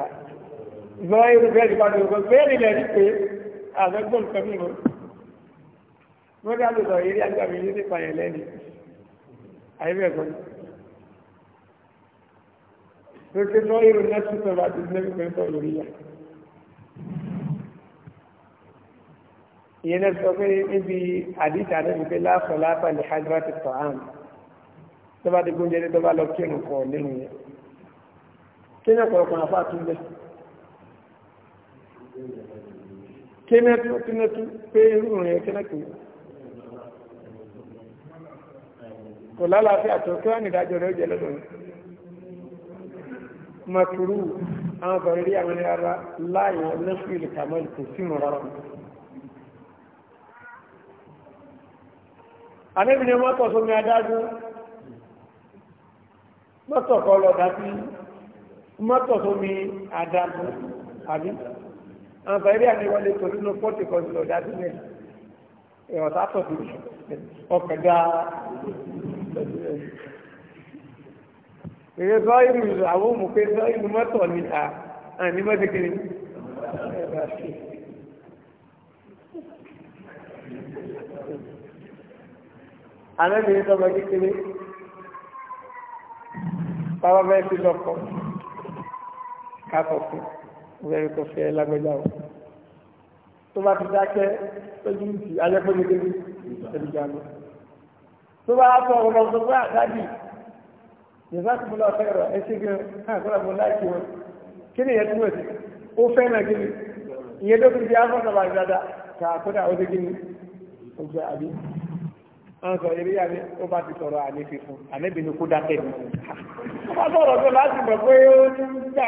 S1: lọ irú bẹ́ẹ̀ nípa ní ọgbọ́n bẹ́ẹ̀ nílẹ̀ ní pé àgbẹ̀gbọ́n nǹkan mi mọ́ wọ́n dá lè lọ eré àgbà mi nípa yẹn lẹ́nu àyẹ̀bẹ̀kọ́ pé lọ irú náà tún sọ̀rọ̀ àti ìdílé pẹ̀lú lórí yà ìyẹn náà sọ pé níbi àdìsá náà wípé láàfọ̀ láàfà lè hajjá ti sọ̀ àmì tó bá dé gbóúnjẹ ní tó bá lọ kírun kọ̀ nínú yẹn kí ni ọ̀pọ̀lọpọ̀ àfáà tún bẹ́ẹ̀ kénẹ́tú kénẹ́tú pé irú rẹ̀ kénẹ́tú
S2: kò lálàáfíà tó kí wọ́n nìdájọ́ rẹ̀ jẹ́ lọ́dọ̀
S1: makuru àwọn bọ̀rẹ̀ rí àwọn ará láàyàn lẹ́fù ilẹ̀ kàmọ́ ìkò sínú rárá anẹ́bìnrin mọ́tọ̀ sómi adágún mọ́tọ̀ kọ́ lọ dábí mọ́tọ̀ sómi adágún àbí àǹfààní àmì wọlé torí ló pọ́ọ̀tì kan lọ dájú ní ìwọ̀n sátọ̀ tó ọkàn dá ìwé sọ ìlú àwọn òmùpé sọ ìlú mọ́tò ní à àní mọ́tìkiri àná mi ní sọmọ kékeré bàbá bẹ́ẹ̀ ti lọ́kọ̀ọ́ ká sọ bẹ̀rẹ̀ kò fẹ́ lágbẹ́já o tó bá ti dákẹ́ lójú ti ayẹ́pẹ́ ní kékeré ẹ̀dí jáde tó bá tọ́ ọ̀rọ̀ tó bá dábì yẹ̀sán kò fún lọ́ọ̀fẹ́ rẹ̀ ẹ ṣe gan náà kó lọ́ọ̀fẹ́ láìkí wọn kí ni ìyẹn túmọ̀ sí ó fẹ́ náà kí ni ìyẹn tó fi di afọ́ sọ̀rọ̀ àgbàdà kà kódà ó dé kí ni ó gbé àbí wọn sọ eré yàrá ó bá ti sọ̀rọ̀ àlè fífún àlébìnrin kó dákẹ́ ni ó sọ̀rọ̀ tó láti mọ̀ pé ó ti ń gbà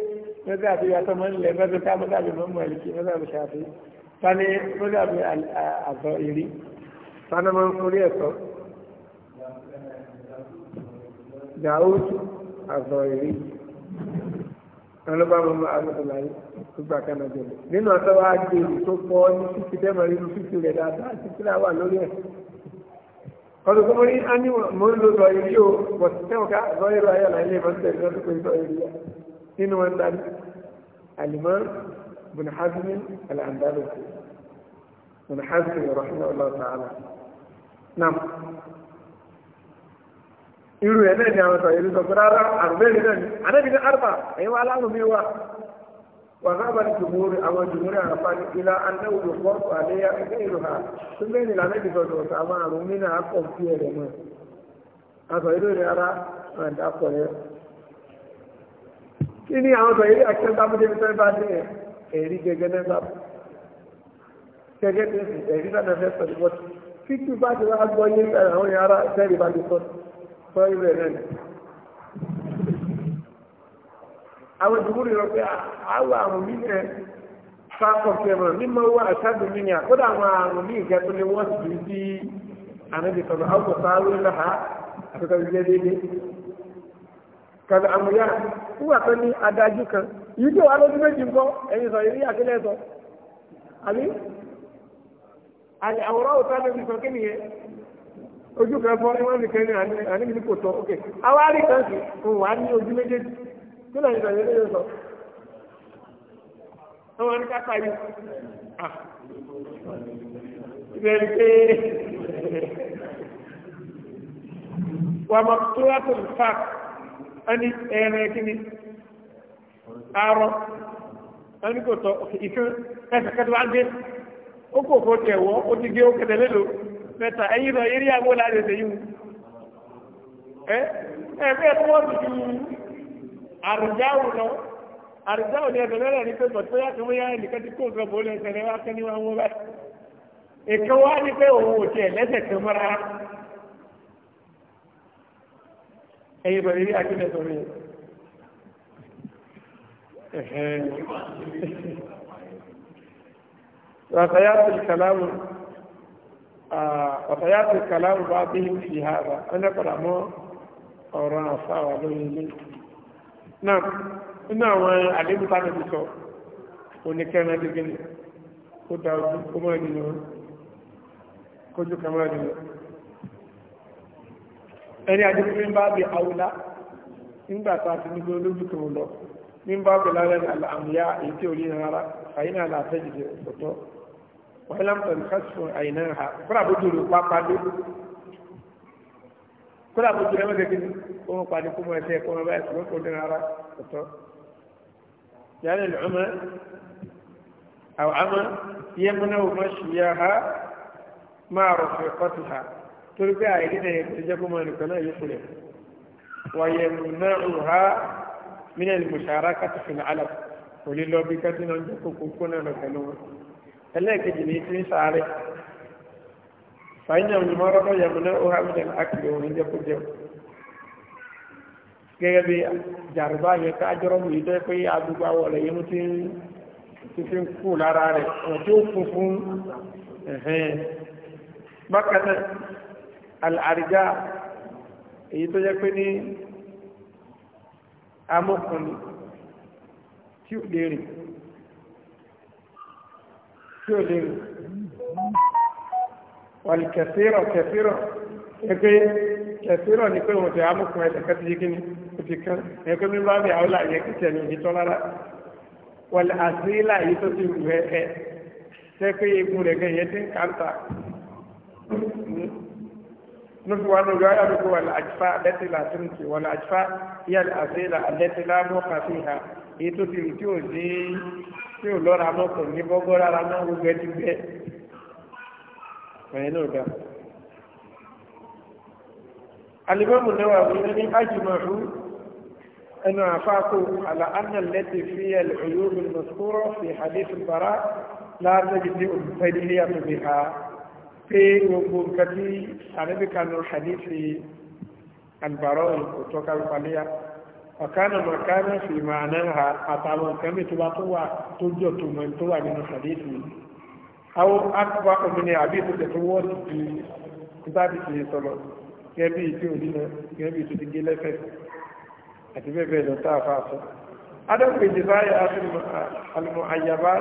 S1: mẹ́ta àti yàtọ̀ mọ́ nílẹ̀ mẹ́ta ká mọ́ta àbí mọ́ mọ̀lìkì mẹ́ta àbí ṣàfi tani mọ́ta àbí àzọ ìrí tani mọ́ orí ẹ̀tọ́
S2: Daoud àzọ
S1: ìrí ọlọ́ba mọ́ àbúkọ̀lá gbogbo àkànnà jẹ̀lẹ̀ nínú ọ̀sẹ̀ wa gbé ìlú tó pọ̀ ní fífi tẹ́mọ̀ nínú fífi rẹ̀ dáadáa títí láwà lórí ẹ̀ ọdún tó mọ́rí á ní mọ́ ń lo sọ ìrí o pọ̀ sí tẹ́wọ̀ká sọ nínú wọn darí alimọ́ bunhazmi al-andalusi bunhazmi rahimahullah ta'ala nam irú ẹ̀ náà ni àwọn sọ̀rọ̀ ìlú sọ̀rọ̀ rárá àrùbẹ́rẹ̀ náà ni anábì ní arba ẹ̀yin wa aláhùn mi wa wà sábà ní jùmúrì àwọn jùmúrì àpá ní ilá anáwó ló fọ́ àléyà ẹgbẹ́ ìlú ha tó bẹ́ẹ̀ ni lànà ìdìsọ̀dọ̀ ọ̀sà àwọn àrùn mi náà kọ̀ fi ẹ̀rẹ̀ náà àtọ̀ ìlú rẹ̀ rárá àdàpọ̀ yẹn kí ni àwọn sọ eré àti ẹgbàá bóde fẹ́ bá dé ẹ̀rí gẹ́gẹ́ náà bá bọ̀ gẹ́gẹ́ tó sì ẹ̀rí náà fẹ́ sọ ní bọ́tù títí bá ti wá gbọ́ yé àwọn yàrá sẹ́ẹ̀rì bá ti sọ sọ irú ẹ̀ náà àwọn ìdúgbò rẹ̀ pé ah, àwọn àrùn mí ẹ̀ fákọ̀ fẹ́mọ̀ mímọ́ wà sáàdù mí ni àkọ́dà àwọn àrùn mí ìjẹ́ tó lé wọ́n sì rí sí ànábì sọ̀rọ̀ àwọn nígbà tó ní adájú kan yìí tó wà lójú méjì ńkọ́ ẹ̀yin sọ ìrírí àkílẹ̀ sọ àbí àwòrán òtá ló fi sọ kí nìyẹn ojú kan fọ ẹwọn nìkan ní àníbi ní kò tọ ok awárí kan sì ń wà ní ojú méjèèjì kí lóò sọ ìrírí yóò sọ àwọn ní kápá yìí ìbẹ̀rù pé wàmọ̀ tó yàtọ̀ fáàkì. Ani ẹ̀rẹ̀ kíni àárọ̀ ẹni kò tọ́ ìkan ẹsẹ̀kẹ́tọ́ wá gbé ó kò kó tẹ̀ wọ́ ó ti gé ó kẹtẹ lélo mẹ́ta ẹ̀yìn lọ eré àgbó láti ṣe yìí ẹ ẹ bẹ́ẹ̀ tó wọ́n ti ju
S2: àrùjáwò lọ
S1: àrùjáwò ni ẹ̀sẹ̀ lẹ́rẹ̀ ní pé bọ̀tí bóyá kan bóyá ẹnìkan ti kó nǹkan bò ó lẹ́sẹ̀ rẹ wá kẹ́ ní wọn wọ́n báyìí èkó wá ní pé òun ò tiẹ̀ lẹ́sẹ̀ kan mọ́ra ẹ̀yìn bẹ̀rẹ̀ rí àkílẹ̀ sọ̀rọ̀ yẹn ọ̀tàyàtì kàlámù bá bí i fi ha bá ẹnẹ́ padà mọ́ ọ̀rọ̀ àfáwà lórí ilé náà nínú àwọn àdébùtà nàbì sọ oníkẹ́rin adégẹ́lẹ̀ ó dá ojú kó mọ́ ẹni lọ kójú kàmọ́ ẹni lọ ẹni àdúgbò ń bá bí àwùlá nígbà tá a ti nígbà olójú lọ ní bá bí lára àmìyá èyí tí ò rí rárá àyínà àlàáfẹ́jì ọ̀tọ̀ wọ́n àyínà ha kúrà rárá torí pé àìrí náà yẹ kó jẹ́ kó máa nìkan náà yókù rẹ̀ wàyẹ̀ náà ń ha mílẹ̀ ní mùsàárà kàtó fi ní àlà kò lè lọ bí kátó náà ń jẹ́ kókó kó náà lọ pẹ̀lú wọn. ẹlẹ́ẹ̀kejì ní ti ń sáré fàyínà òyìnbó rọ́bọ̀ yẹ̀mú náà ó ha mílẹ̀ ní àkìlẹ̀ òun jẹ́ kó jẹun. gẹ́gẹ́ bí jàrúbá yẹ ká jọrọ mú yìí tó yẹ pé àdúgbò àwọ̀ rẹ̀ yẹn ti fi ń kú lára rẹ̀ ọ̀ tí ó funfun bákan náà àríjá èyí tó jẹ́ pé ní amókùnrin tí ò lè rìn tí ò lè rìn wàlì kẹfìrọ̀ kẹfìrọ̀ ẹgbẹ́ kẹfìrọ̀ ní pé wọ́n ti amókùnrin ẹ̀sẹ̀ kẹtì yìí kíní kò ti kán ẹgbẹ́ mi bá bí àwọn àyè kìtẹ̀ ní ìjítọ́ rárá wàlì àṣírílà yìí tó ti wù ẹ ẹ tẹ́ pé rẹ̀ gẹ̀yẹ́ ti ń kàńtà نفس وانو جاء والأجفاء التي لا تمشي والأجفاء هي الأسئلة التي لا موقع فيها ètò tí o tí o ní tí o lọ́ra mọ́ kò ní bọ́gọ́ rárá mọ́ gbogbo ẹ ti bẹ́ẹ̀ ẹ̀yìn náà dá. alimọ́mù náà wà wọ́n ní ajimahu ẹnu àfáàkó àlà anna lẹ́tì fi ẹ̀lẹ́ òyòrò lọ́sọ́rọ́ fi hadith bara láàrín ẹ̀jẹ̀ olùfẹ́ ilé pé gbogbo nǹkan tí àrẹ́bíkanu hadithi albaro kò tọ́ka ìpàlẹ́yà ọ̀kánà mọ̀kánà fi máa náà ha àtàwọn nǹkan mi tó bá tó wà tó jọ tó mọ̀ tó wà nínú hadithi àwọn akọ̀bá òmìnira àbí ìtòkè tó wọ́ sí ti nígbà tí kìí sọ̀rọ̀ gẹ́gẹ́ bí ìtì òdìnà gẹ́gẹ́ bí ti gé lẹ́fẹ̀ẹ́ àti bẹ́ẹ̀ bẹ́ẹ̀ lọ tá a fa àfọ́ adam bin jibaya alimu ayaba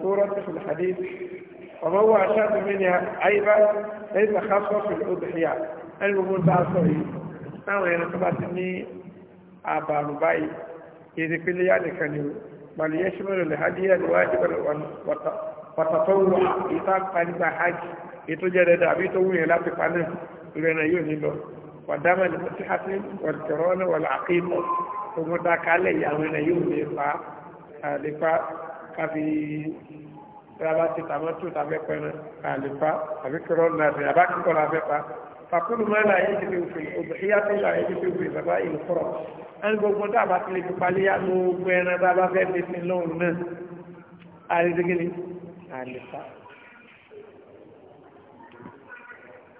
S1: tó fi ọmọ wọ aṣáájú mi ni àyíká ẹ̀yìn àkásọ́ọ̀fù òdìyà ẹni gbogbo ń bá a sọ yìí táwọn ẹran tó bá ti ní àbàrùn báyìí èdè pélé yá nìkan ni o pàlẹ́ yẹn ṣẹ́mi lọ́lẹ̀ hajj yẹn ni wàá jẹ́ pẹ̀lú wàtàtọ́ wù ìta pàdígbà hajj ètò jẹ́ dẹ́dẹ́ àbí tó wù yẹn láti pa náà ìrẹ́nà yóò ní lọ wàdámà ní mọ́tíhàtì wàlùkọ̀rọ̀ ní wàlùkọ̀ ogun dákálẹ̀ ìyàwó ẹ̀nà yóò lè fa àlefa káfíì yàrá ti tàmọ́tò tàbẹ́pẹ́ náà àlèfà àbí kúrọ́ nàdì àbá kíkọ́ làbẹ́pà fàkúrú máa là yé jìbì òfin òbíyá tó là yé jìbì òfin bàbá ìlú kúrọ̀ ẹni gbogbo tá a bá tilẹ̀ fi paléyà ló gbé ẹran bá a bá fẹ́ fi sin lóhùn náà àrídégélé àlèfà.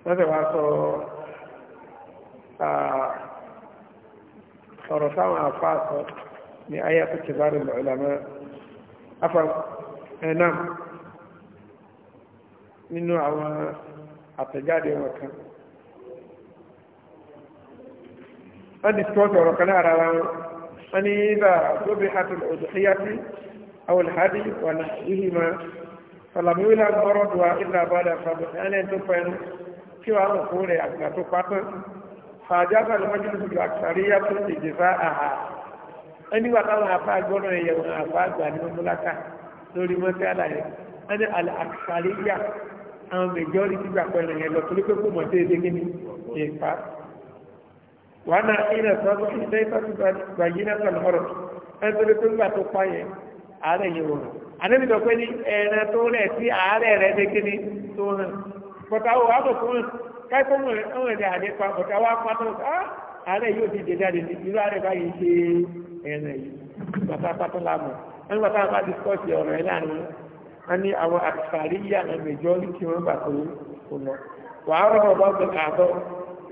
S1: wọ́n sì wá sọ ọ̀rọ̀ táwọn àfa sọ ní ayé àti kìbárì lọ́ọ̀lá náà. عفوا نعم nínú àwọn àtẹ̀jáde wọn kan wọ́n discuss ọ̀rọ̀ kan lára wọn wọ́n ní bá tóbi hatul udhiyati aw alhadi wa nahwihima falam yulad maraduha illa ba'da fadl ẹni tó pẹ̀lú kí wàá mọ̀ fún rẹ̀ àgbà tó pátán fàájáfà ló mọ́jú lóṣù tó àkàríyá tó lè jẹ fá ẹni wà táwọn afá gbọ́dọ̀ ẹ̀yẹ̀ wọn afá àgbà ní mọ́múláka lórí mọ́tí àlàyé ẹni àkàríyá àwọn mẹjọ́rí ti gbà pẹ̀lú yẹn lọ torí pé kò mọ̀ déédé kíni ìpa wàá na ìrìn àtọ́jọ́ ìṣe ìtọ́jú gbàyí náà sọ̀rọ̀ ọ̀rọ̀ ẹni torí pé nígbà tó pa yẹn ààrẹ yẹn wò rẹ̀ àníbi tó pé ní ẹran tó rẹ̀ sí ààrẹ rẹ̀ dé kíni tó hàn bọ̀tà wò wàá bọ̀ fún un káìpọ̀ mọ̀ ọ̀rẹ́ rẹ̀ àdé pa bọ̀tà wàá pa tó ààrẹ ah! yóò ti dèjà dèjì irú ààrẹ báyìí ṣe ẹran yìí bàtà pátó láàmú ẹni bàtà bá discuss ọ̀rọ̀ ẹ̀ wọ́n ní àwọn àkàríyà àwọn majority wọ́n bà tó kùnà wàá rọ̀ bá bẹ̀ àbọ̀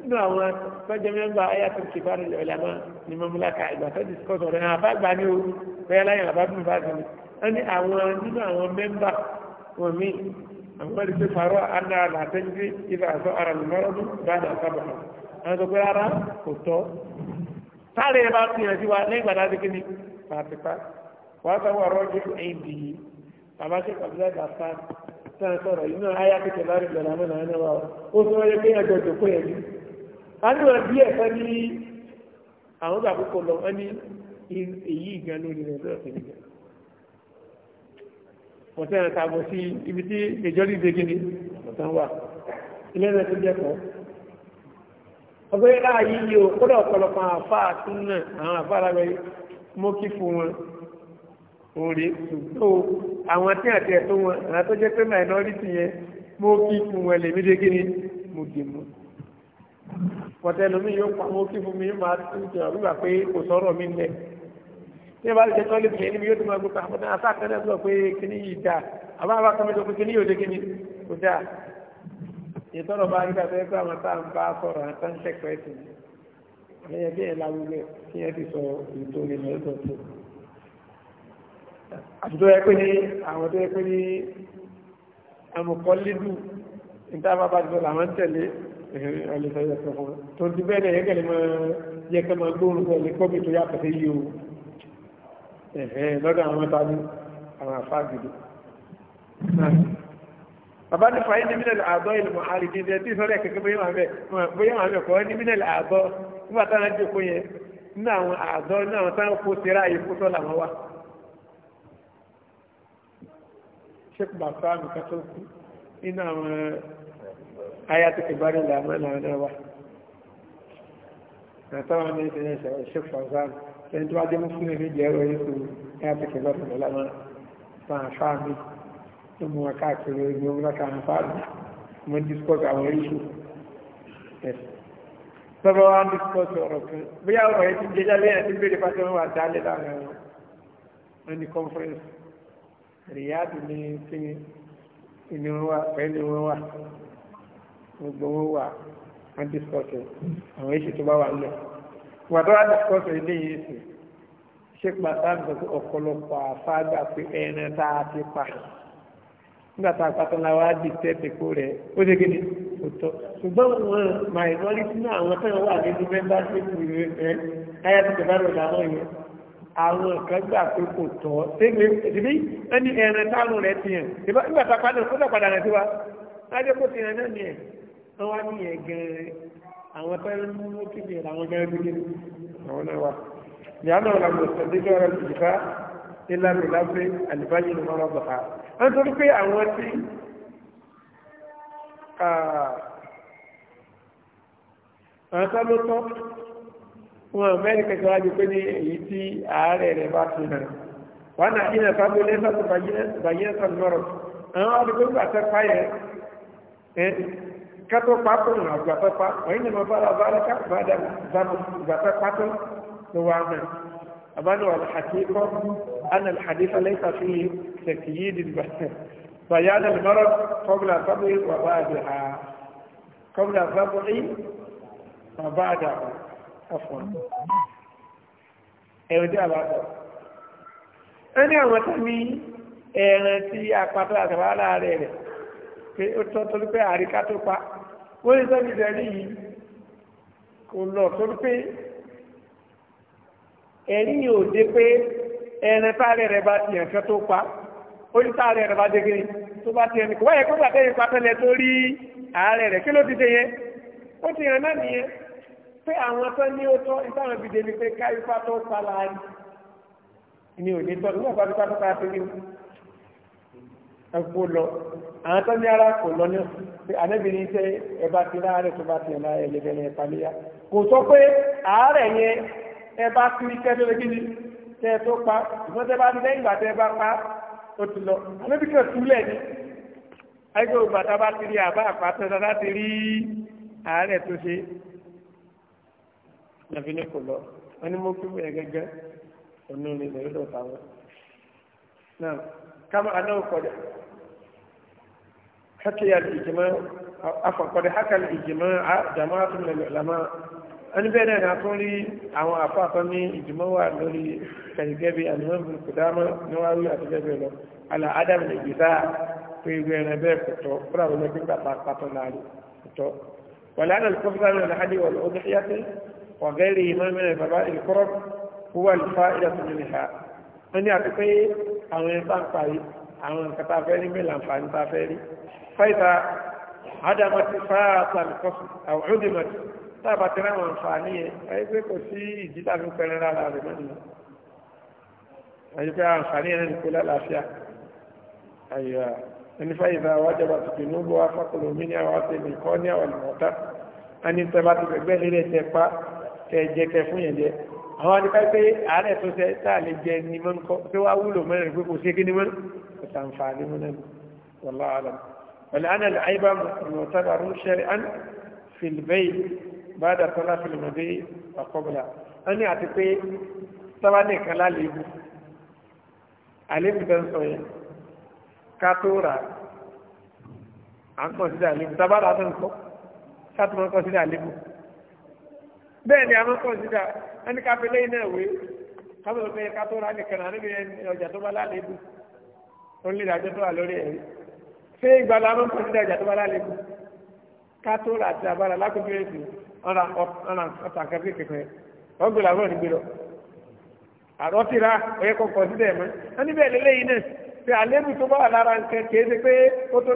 S1: nínú àwọn tọ́jọ́ mẹ́mbà ayàtọ̀ kìbárì lọ́lẹ́mọ́ ní mọ́múláka ìgbà tó discuss ọ̀rẹ́ náà bá gbà ní o bẹ́ẹ̀ láyìn àbá bí bá dùn wọ́n ní àwọn nínú àwọn mẹ́mbà wọn mí àwọn ẹni tó farọ́ aná làtẹ́jú ibà àzọ́ ara lùmọ́rọ́dún bá dà sábà àwọn tó pé bàbá ṣe kàbílẹ̀ gàfà tán sọ̀rọ̀ inú ayá kìtẹ̀ bá rí bẹ̀rẹ̀ àmọ́nà ẹni wa ó sọ wáyé pé ẹjọ́ ìjòkó yẹn ni a ní wọn bí ẹ̀fẹ́ ní àwọn gbà púpọ̀ lọ wọn ní èyí ìgbà lórí rẹ̀ lọ́rọ̀ sí nìkan wọ́n tẹ́rẹ̀ tààbọ̀ sí ibi tí ìjọ́rí ìdégé ni ọ̀tán wà ilé ẹ̀rẹ́ tó jẹ́kọ̀ọ́ ọgbẹ́ láàyè yìí ó kọ́dọ̀ ọ̀pọ̀lọpọ̀ àfáà tún náà àwọn àfáà lábẹ́ mọ́kí fún wọn orí ṣùgbọ́n àwọn tí àti ẹ̀tọ́ wọn àwọn tó jẹ́ pé minority yẹn mo kí fún wọn lèmi dé kí ni mo dì mú yóò pa mo kí fún mi máa tún jẹ́ pé kò sọ̀rọ̀ mi lẹ̀ tí ìbá tọ́lé àti tó yẹ pé ní àwọn tó yẹ pé ní àmùkọ́ lídù ìtàbà bá jọ làwọn tẹ̀lé ọlẹ́sẹ̀ yẹpẹ̀ fún tó ti bẹ́ẹ̀ náà yẹ́kẹ̀lẹ́ máa yẹ́kẹ́ máa gbóòrùn pẹ̀lú ẹ̀lẹ́kọ́ mi tó yàtọ̀ sí yìí o ẹ̀hẹ́ lọ́dọ̀ àwọn tàbí àwọn àfáà gidi bàbá ní fàáyé ní mínẹ̀lì àbọ̀ ìlùmọ̀ àrìdí ẹ̀ tí sọ́rọ̀ ẹ̀kẹ́kẹ́ bóyá wà bẹ̀ kọ́ ní mínẹ̀lì àbọ̀ nígbà táwọn jòkó yẹn ní àwọn àbọ̀ ní àwọn táwọn kó tẹ́ra ìfúsọ́ làwọn wà sheik bàbá mi ká tó kú nínú àwọn eh,
S2: ayatollah ìbárí làmọ́ làwọn náà wà
S1: àtàwọn ní ìṣẹ̀lẹ̀ ìṣẹ̀lẹ̀ sheik bàbá mi ẹni tó wá dé mú fún ẹni jẹ́ ẹ̀rọ yìí fún ayatollah ìbárí làmọ́ fún àfáà mi tó mú wọn káàkiri ẹgbẹ́ wọn láka àfáà mi mo discuss àwọn issue sọ́bọ̀ wa ń discuss ọ̀rọ̀ kan bóyá ọ̀rọ̀ yẹn ti jẹjá lẹ́yìn àti bèrè pàṣẹ wọn wà conference rìyáàdì ní kíni ìní wọn pẹ̀lú wọn wà gbogbo wọn wà wọn discọ́sì àwọn èsì tó bá wà nílẹ̀ wọn tó wá discọ́sì ilé yìí ṣé pàtàkì sọ ọ̀pọ̀lọpọ̀ àfáàgbà pé tá a ti pa nígbà tá a pàtó la wá di tẹ́tẹ̀kó rẹ̀ ó ṣe kí kò tọ́ ṣùgbọ́n wọn àwọn tó àwọn kan gbà pé kò tọ́ tẹ́lẹ̀ ìdíbí ẹni ẹ̀rẹ̀ táàrùn rẹ̀ ti yàn nígbà tá a padà kó dà padà rẹ̀ sí wa lájẹ́ kó ti yàn náà ni ẹ̀ wọ́n wá ní yẹn gan-an àwọn tó ń mú kí ni àwọn gan-an bí kíni àwọn náà wà. ìyáná ọ̀la mo sọ dé lọ́rọ̀ ìjìká nílá mi lábẹ́ àlùbáyé ni wọ́n rọ̀bà á. wọ́n torí pé àwọn tí àwọn tó ló tọ́ wọn mẹ́rin kẹta wájú pé ní èyí tí ààrẹ rẹ̀ bá fi hàn wọn náà yìí náà fábí olè náà tó bàyẹ́ sàn lọ́rọ̀ àwọn àdúgbò ń gbàtẹ́ fáyẹ ẹ kátó pátó ń àgbàtẹ́ pa wọ́n yìí náà bá la bá lẹ́ka bá dà zanu gbàtẹ́ pátó ló wà náà àbánu alḥakíkọ́ ana alḥadífa lẹ́ka fi tẹ̀kìyí dìgbàtẹ́ bàyẹ́ àdà lọ́rọ̀ kọ́bùlà fábí wà bá àdìhà kọ́bùlà fábí wà bá àdìhà afọ́n ẹ̀rọ tí a bá sọ ẹ ní àwọn tó ní ẹran tí apatọ àtàwọn aláàrẹ rẹ pé ó tọ́ torí pé àríká tó pa wọ́n lè sọ́bi ìdẹ́rí yìí kò lọ torí pé ẹ̀rí yìí ò dé pé ẹran táàrẹ rẹ bá ti yàn kẹ́ tó pa ó ní táàrẹ rẹ bá dé tó bá ti yàn nìkan wáyé kó gbàtẹ́yìn patẹ́lẹ̀ tó rí ààrẹ rẹ kí ló ti dé yẹn ó ti yàn náà nìyẹn pé àwọn tó ní ó tọ́ ìtàwọn ìbìdè ni pé káyífà tó sálà ni ò ní tọ́ nígbà bá dúpá tó káyà pé ẹ̀kọ́ lọ àwọn tó ní ara kò lọ ní pé àdébìnrin tẹ ẹ bá ti láàárẹ̀ tó bá ti ẹ̀ láàárẹ̀ lẹ́gbẹ̀rẹ̀ ẹ̀ paléyà kò sọ pé àárẹ̀ yẹn ẹ bá kiri kẹ́ tó ni tẹ tó pa ìfọ́n tẹ bá ti lẹ́yìn ìgbà tẹ bá pa ó ti lọ àdébìnrin kan túlẹ̀ ni àyíkó ìgbà tá a bá ti rí àbá àpá nàbí ní kò lọ wọn ni mo fi wọ ẹgẹgẹ ònú ni lè lọ táwọn náà kama anáwó kọdà hakẹ alìjìmọ afọkọdà hakẹ alìjìmọ àjàmọ àtúnlẹ lọlọmọ ẹni bẹ́ẹ̀ náà nàá tún rí àwọn afáfá ní ìjìmọ̀ wà lórí kàyígẹ́bí àníwọ̀n bí kùdámọ́ níwáwí àti bẹ́ẹ̀ bẹ́ẹ̀ lọ àlà adam lè gbé sáà pé ìwé ẹran bẹ́ẹ̀ kò tọ́ kúrò àwọn ẹgbẹ́ gbàgbà pátọ́ náà rí kò tọ́ wàlẹ́ àná lè kọ́ fún sáà náà lè وغيرهما من الفضائل القرب هو الفائدة منها wọ́n ní àti pé àwọn ẹni tá ń parí àwọn nǹkan tá a fẹ́ rí mẹ́lá àǹfààní tá a fẹ́ rí fáìta ádámọ́tí fáàtà nìkọ́sù àwọn òdìmọ̀tí tá a bá tẹ́lá àwọn àǹfààní yẹn ayé pé kò sí ìdí tá a fi pẹ́rẹ́ rárá rẹ̀ mọ́ nìyẹn ayé pé àǹfààní yẹn ní kó tẹ jẹ tẹ fún yẹn jẹ àwọn adìpá pé ààrẹ tó ṣe tá a lè jẹ ní mọ́ nǹkan pé wàá wúlò mẹ́rin pé kò sí kí ni mọ́ kò sàǹfààní mọ́ náà wàlá àlàm wàlá àná àyíbá mọ̀tàbà rú ṣẹ́rẹ́ án fìlbẹ́yì bá dà tọ́lá fìlmọ̀dé àkọ́bùlà wọ́n ní àti pé tọ́lá nìkan lálébù àlébù tó ń sọ yẹn ká tó rà à ń kọ̀ sí àlébù tábàdà tó ń kọ́ ká tó mọ́ kọ́ sí àlébù. bẹ́ẹ̀ ni a máa kọ̀nsídà ẹni ká fi lẹ́yìn náà wé káwọn ọ̀pẹ ká tó ra nìkan náà níbi ọjà tó bá lálébù ó lè dájọ́ tó wà lórí ẹ̀rí ṣé ìgbà la máa kọ̀nsídà ọjà tó bá lálébù ká tó ra àti àbára lákòókò èsì ọ̀nà ọ̀tà kẹfì kẹfẹ ọ̀gbìn làwọn lọ àrọ́ ti ra mọ́ ẹni bẹ́ẹ̀ náà ṣe àlébù tó bá wà lára nǹkan kì í ṣe pé ó tó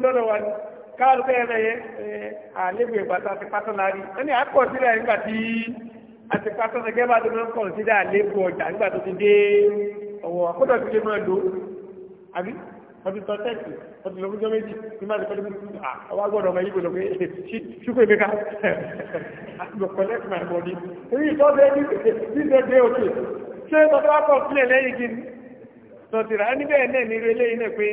S1: káàlù bẹ́ẹ̀ bẹ́ẹ̀ àlébù ìgbàta ti pátọ́ rí ẹni àkọ́ nígbà tí a ti pátọ́ gẹ́gẹ́ bá tó máa ń kọ̀ àlébù ọjà nígbà tó ti dé ọ̀wọ́ àkójọ ti lè máa lò àbí ọdún tó tẹ́ẹ̀tì ọdún lọ́gbọ́jọ́ méjì ní máa ti pẹ́ lórí àwọn agbọ́dọ̀ ọmọ yìí gbọ́dọ̀ pé ṣúkò ìgbéka àgbọ̀ collect my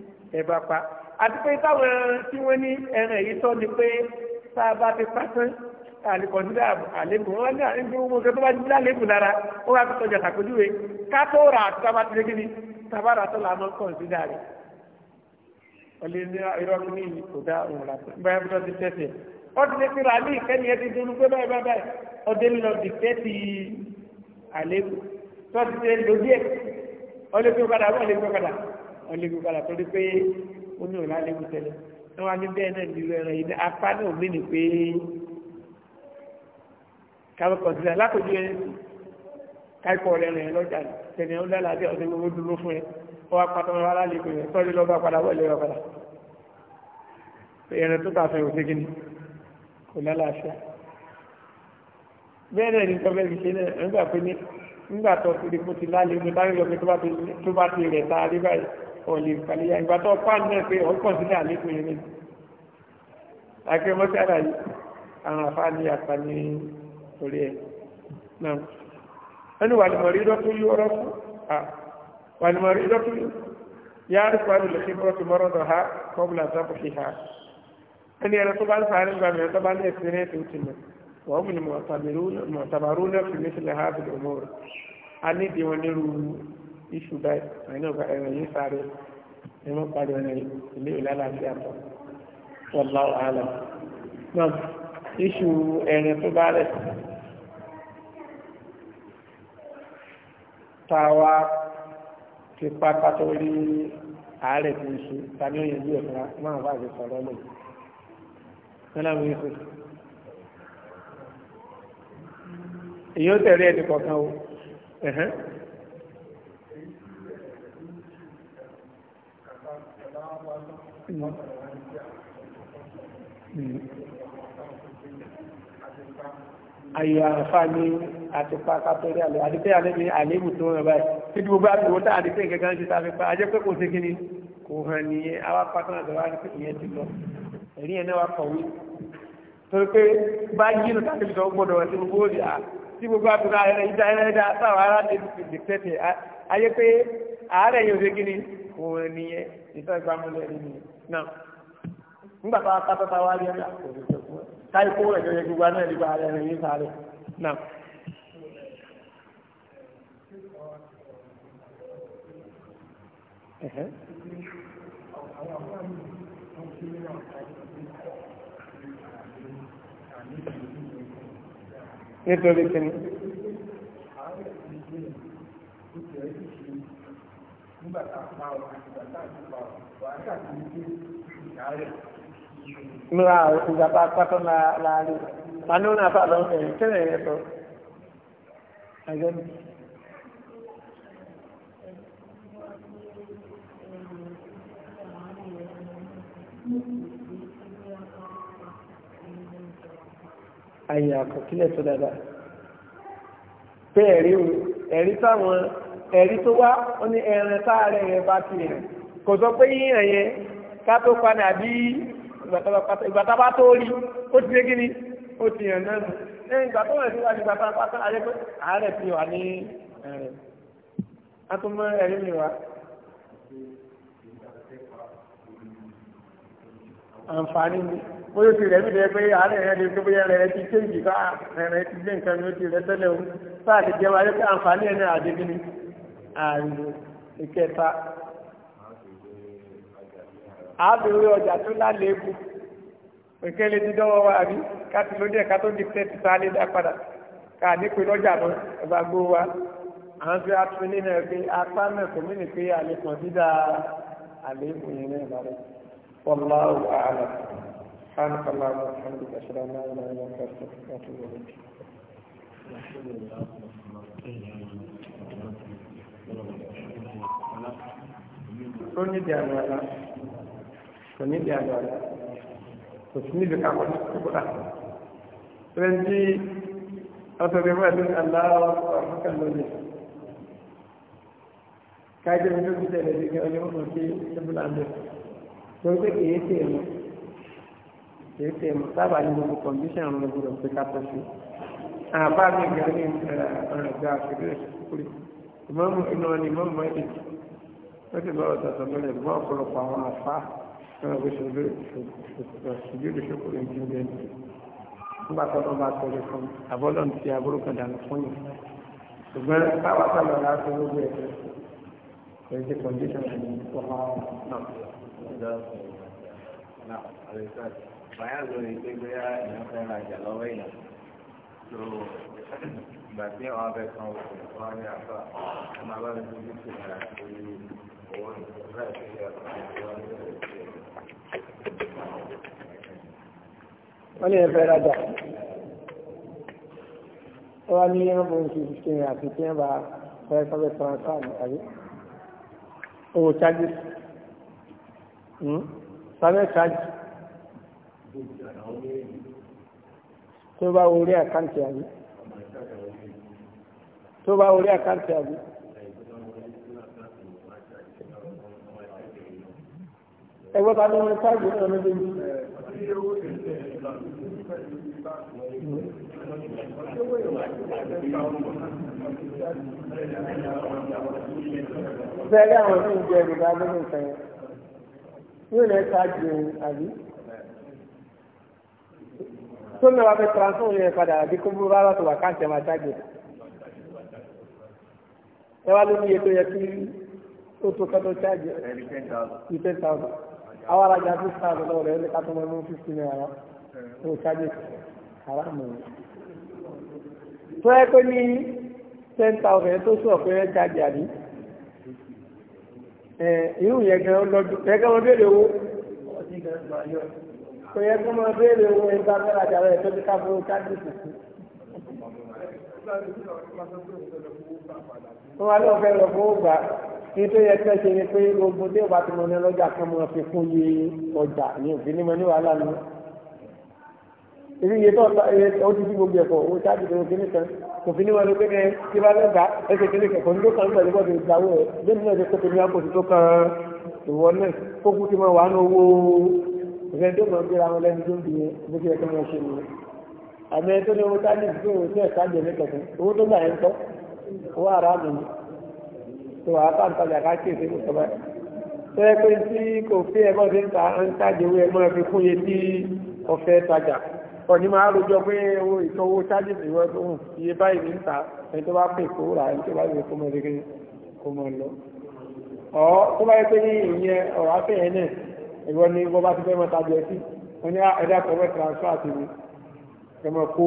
S1: ẹ̀bá pa àti pé táwọn tí wọ́n ní ẹran èyí tọ́ ni pé tá a bá ti pásán àlìkọ̀dúdà àlébùn wọn ní àrígbé owó kan tó bá ti lálébùn lára ó wá tó tọjà sàkójúwe ká tó rà àti tábà ti légé ni tábà rà tó là máa ń kọ̀ǹsídà rẹ̀ ọ̀lẹ́ ní irọ́ ní ìkòdá òun rà báyà bí wọ́n ti tẹ̀sẹ̀ ó ti lè fi rà ní ìkẹ́ni ẹ ti dunú pé báyìí báyìí ọdẹ ọlẹ́gbẹ́ padà torí pé ó ní òun alẹ́gbẹ́ tẹ́lẹ̀ ní wọ́n á ní bẹ́ẹ̀ náà nílò ẹran yìí apá náà ò mí nì pé káwé kọ̀ǹtìlẹ̀ alákòjú ẹ káìkọ̀ ọ̀rẹ́ rẹ̀ lọ́jà tẹ̀lé ó dára bí ọ̀sẹ̀ gbogbo dúró fún ẹ ó wá pátá wọn wá lẹ́gbẹ́ rẹ̀ tọ́jú lọ́ba padà wọlé rẹ̀ padà ẹran tó tà fẹ́ òṣèké ni kò lálàáfíà bẹ́ẹ̀ náà ní kọ́fẹ́ fi ṣe náà nígbà pé ní nígbà tó ti di kó ti lálẹ́ omi táyọ̀ lọ́pẹ́ tó bá ti rẹ̀ tá a rí ọ̀lẹ́ ìpàlẹ́yà ìgbà tó pàánù náà pé ọ̀n kọ̀ǹsídà lékún yẹn lẹ́yìn àkẹ́ mọ́sára yìí àwọn àfáàní àpá ní orí ẹ̀ náà ẹni wà lùmọ̀rí lọ́tún yóò rọ́ fún wà lùmọ̀rí lọ́tún yá rí pàánù lẹ́sìn bọ́ọ̀tù mọ́rọ́dọ̀ ha kọ́bùlà sábùkì ha ẹni ẹ̀rọ tó bá ń sàárẹ̀ gbà mẹ́rin tó bá ní ẹ̀sìnrẹ́ẹ̀tì ó ti mọ̀ wọ́n mú ni mọ̀tàbàrú náà fi ní iṣu báyìí ẹ̀yin náà ẹ̀rìn yìí sáré ẹ̀ mọ́ parí ẹ̀rìn ilé ìlú aláàfíà tọ̀ wọ́lá wàhálà náà iṣu ẹ̀rìn tó bá rẹ̀ táwa ti pa pátó rí àárẹ̀ tó ń ṣe tàbí ó yẹn bí ẹ̀fọ́ra máa bá àgbẹ̀ sọ̀rọ̀ lọ́wọ́ yìí. Nọ́lá mi èyí ó tẹ̀lé ẹni kọ̀ọ̀kan o.
S2: sí wọn. àyè àǹfà ní
S1: àtìpá kápẹ́rẹ́ àlẹ́ àdìpẹ́ àlẹ́ ní àlébù tó rẹ̀ báyìí títí gbogbo àbíwò tá àdìpẹ́ gẹ́gẹ́ ṣe tàbí pa ajẹ́ pé kò sí kíní kò hàn nìyẹn àwọn pátánà tó wá ní pé ìyẹn ti lọ ẹ̀rí ẹ̀ náà wá kọ̀wé torí pé bá yínú tàbí sọ gbọ́dọ̀ ẹ̀ tí gbogbo ó di à tí náà nígbà tá a kápẹ́ tá a wá rí ẹ̀dá táìkó rẹ̀ jẹ́ gbogbo aná ìdìbò ààrẹ rẹ̀ yìí sáré náà.
S2: nítorí kíni. nígbà tá a pa ọ̀rọ̀ àti bàtà àti Mira,
S1: ìgbà bá pátọ́ láàárín. Ta ní ó náà fà lọ́wọ́ ẹ̀yìn tẹ́lẹ̀ yẹn sọ. Àjẹ́ mi. Àyà àkọ̀kílẹ̀ tó dáadáa. Bẹ́ẹ̀ rí o, ẹ̀rí táwọn ẹ̀rí tó wá, ó ní ẹran táàrẹ̀ rẹ̀ bá ti kò sọ pé yíyan yẹn ká tó padà bí ìgbà tá a bá ti ṣe gini o ti yàn náà nù lẹ́yìn ìgbà tó rẹ̀ sí wájú ìgbà tá a pátá ayé ti mi ni ó yóò ti rẹ̀ mí àbẹ̀wé ọjà tó lálẹ́kù òkèlè ti dọ́wọ́ wa àbí káti ló dẹ̀ ká tó di pẹ́ ti sáré dá padà ká nípe lọ́jà lọ ẹ̀bà gbó wa àwọn tí a tún nínú ẹ̀ apá náà kò ní pé àlékún dídá àlékún yẹn náà lọ́rẹ́ wallahu a'lam سبحانك اللهم وبحمدك اشهد ان
S2: لا اله الا انت استغفرك واتوب اليك الحمد لله والصلاه والسلام
S1: على kò ní ìdí àjọ rẹ̀ kò sí níbi kakọ̀ ní kúkúrà rẹ̀ tí ọ̀sọ̀rọ̀ ìwé ẹ̀dùn aláwọ̀ ọ̀fíkà lónìí káàkiri ní ojú tẹ̀lé ti kẹ́ ọjọ́ mọ̀ sí ìbúlá ń bẹ̀ lórí pé kìí tè mọ́ kìí tè mọ́ sábà ní gbogbo kọ̀ǹdíṣàn ọ̀rọ̀ gbọdọ̀ pé ká tọ́ sí àbá mi gan ní ọ̀rọ̀ ìgbà àfẹ́rẹ́ kúrì ìmọ̀ọ́mù iná ni ìmọ̀ọ́mù mọ́ ìdí ó sì lọ́rọ̀ tọ̀tọ̀ lọ́lẹ̀ ìgbọ́ ọ̀pọ̀lọpọ̀ àwọn àfáà náà bó ṣe lórí ṣòkò rẹ̀ ti ń bẹ́ẹ̀ ní nígbà tó lọ́ bá sọ̀rọ̀ fún abọ́lọ́ ti aburú kan dànù fún yìí ṣùgbọ́n báwa ká lọ láti lórí ẹ̀ kò ní ṣe condition ẹ̀ ní ọmọ náà. Bàyá lórí pé bóyá èèyàn fẹ́ ra ìjà lọ́wọ́ èèyàn. Ìgbà tí àwọn abẹ kan oṣù wọn
S2: ní àbá, ẹ
S1: wọ́n ní ẹ̀fẹ́ rajà ó wá ní yẹn bó ń fi fifteen àti tí wọ́n bá fẹ́ sọ́bẹ̀ transfer ní àbí owó chájì hmm? sọ́bẹ̀ chájì tó bá orí àkáǹtì àbí tó bá orí àkáǹtì àbí.
S2: ẹgbẹ́ ta ló ń ṣáàjì ní ọdún méjì. Bẹ́ẹ̀rẹ́ àwọn tó ń jẹ ìrìnà lórí nǹkan
S1: yẹn. Yóò lẹ́ ṣáájú àbí? Tó ń lọ́wọ́ fẹ́ transfer yẹn padà àbí kó búrú rárá tó wà káàkiri máa ṣáájú. Ẹ wá lórí iye tó yẹ kí ó tó kọ́ tó ṣáájú. Ẹ̀rí ten thousand àwọn arajà tó sáà lọ́wọ́ rẹ̀ lẹ́ka tó mọ́ ní fífi náírà tó ṣáájú haramu ni. tó yẹ pé ní ten thousand tó sọ pé ẹ ṣáájú àbí irú yẹn gan lọ́dún yẹ kí wọ́n béèrè owó kò yẹ kí wọ́n béèrè owó ẹgbẹ́ abẹ́rajà rẹ̀ tó ti ká fún ṣáájú
S2: kùkú wọ́n wá lọ́ọ́ fẹ́ lọ fún ó gbà nítorí yẹ
S1: kẹ́ ṣe ni pé ogun tí ìwà tí mo ní lọ́jà kan mo fi kún yé ọjà ní òfin ní mo ní wàhálà nù. ibi iye tó ọ̀tá iye tó ti fi gbogbo ẹ̀kọ́ owó ṣáàjì tó kéde kan kò fi ní wọn ló pé ní kí bá lọ́gà ẹsẹ̀ kéde kan kò ní ló kàn ń bẹ̀rẹ̀ bọ́ọ̀dù ìgbàwó ẹ̀ lẹ́nu náà ṣe kó tèmi àpòsí tó kan ìwọ náà kó ti mọ wà ní owó ìfẹ́ tó mọ̀ gbéra wọn lẹ́nu tó ń ni tó wà á tàǹtàjà ká kí èsì nìkan báyìí tó yẹ pé tí kò fi ẹmọ sí ń ta ń tájẹ owó ẹmọ fi kún yẹ tí ọfẹ tajà ọ̀ní máa rojọ́ pé owó ìtọ́wó tájì ìwọ́n tó hùn iye báyìí ní ta ẹni tó bá pè kó rà ẹni tó bá yẹ kó mọ ẹgbẹ́ kó mọ lọ. ọ̀ tó bá yẹ pé ní ìyẹn ọ̀rọ̀ afẹ́ yẹn náà ìwọ ni wọ́n bá ti fẹ́ mọ́ tajà ẹtì wọ́n ní ah, ẹ̀dá kọ̀wé transfer ti mi kẹ́mọ̀ kó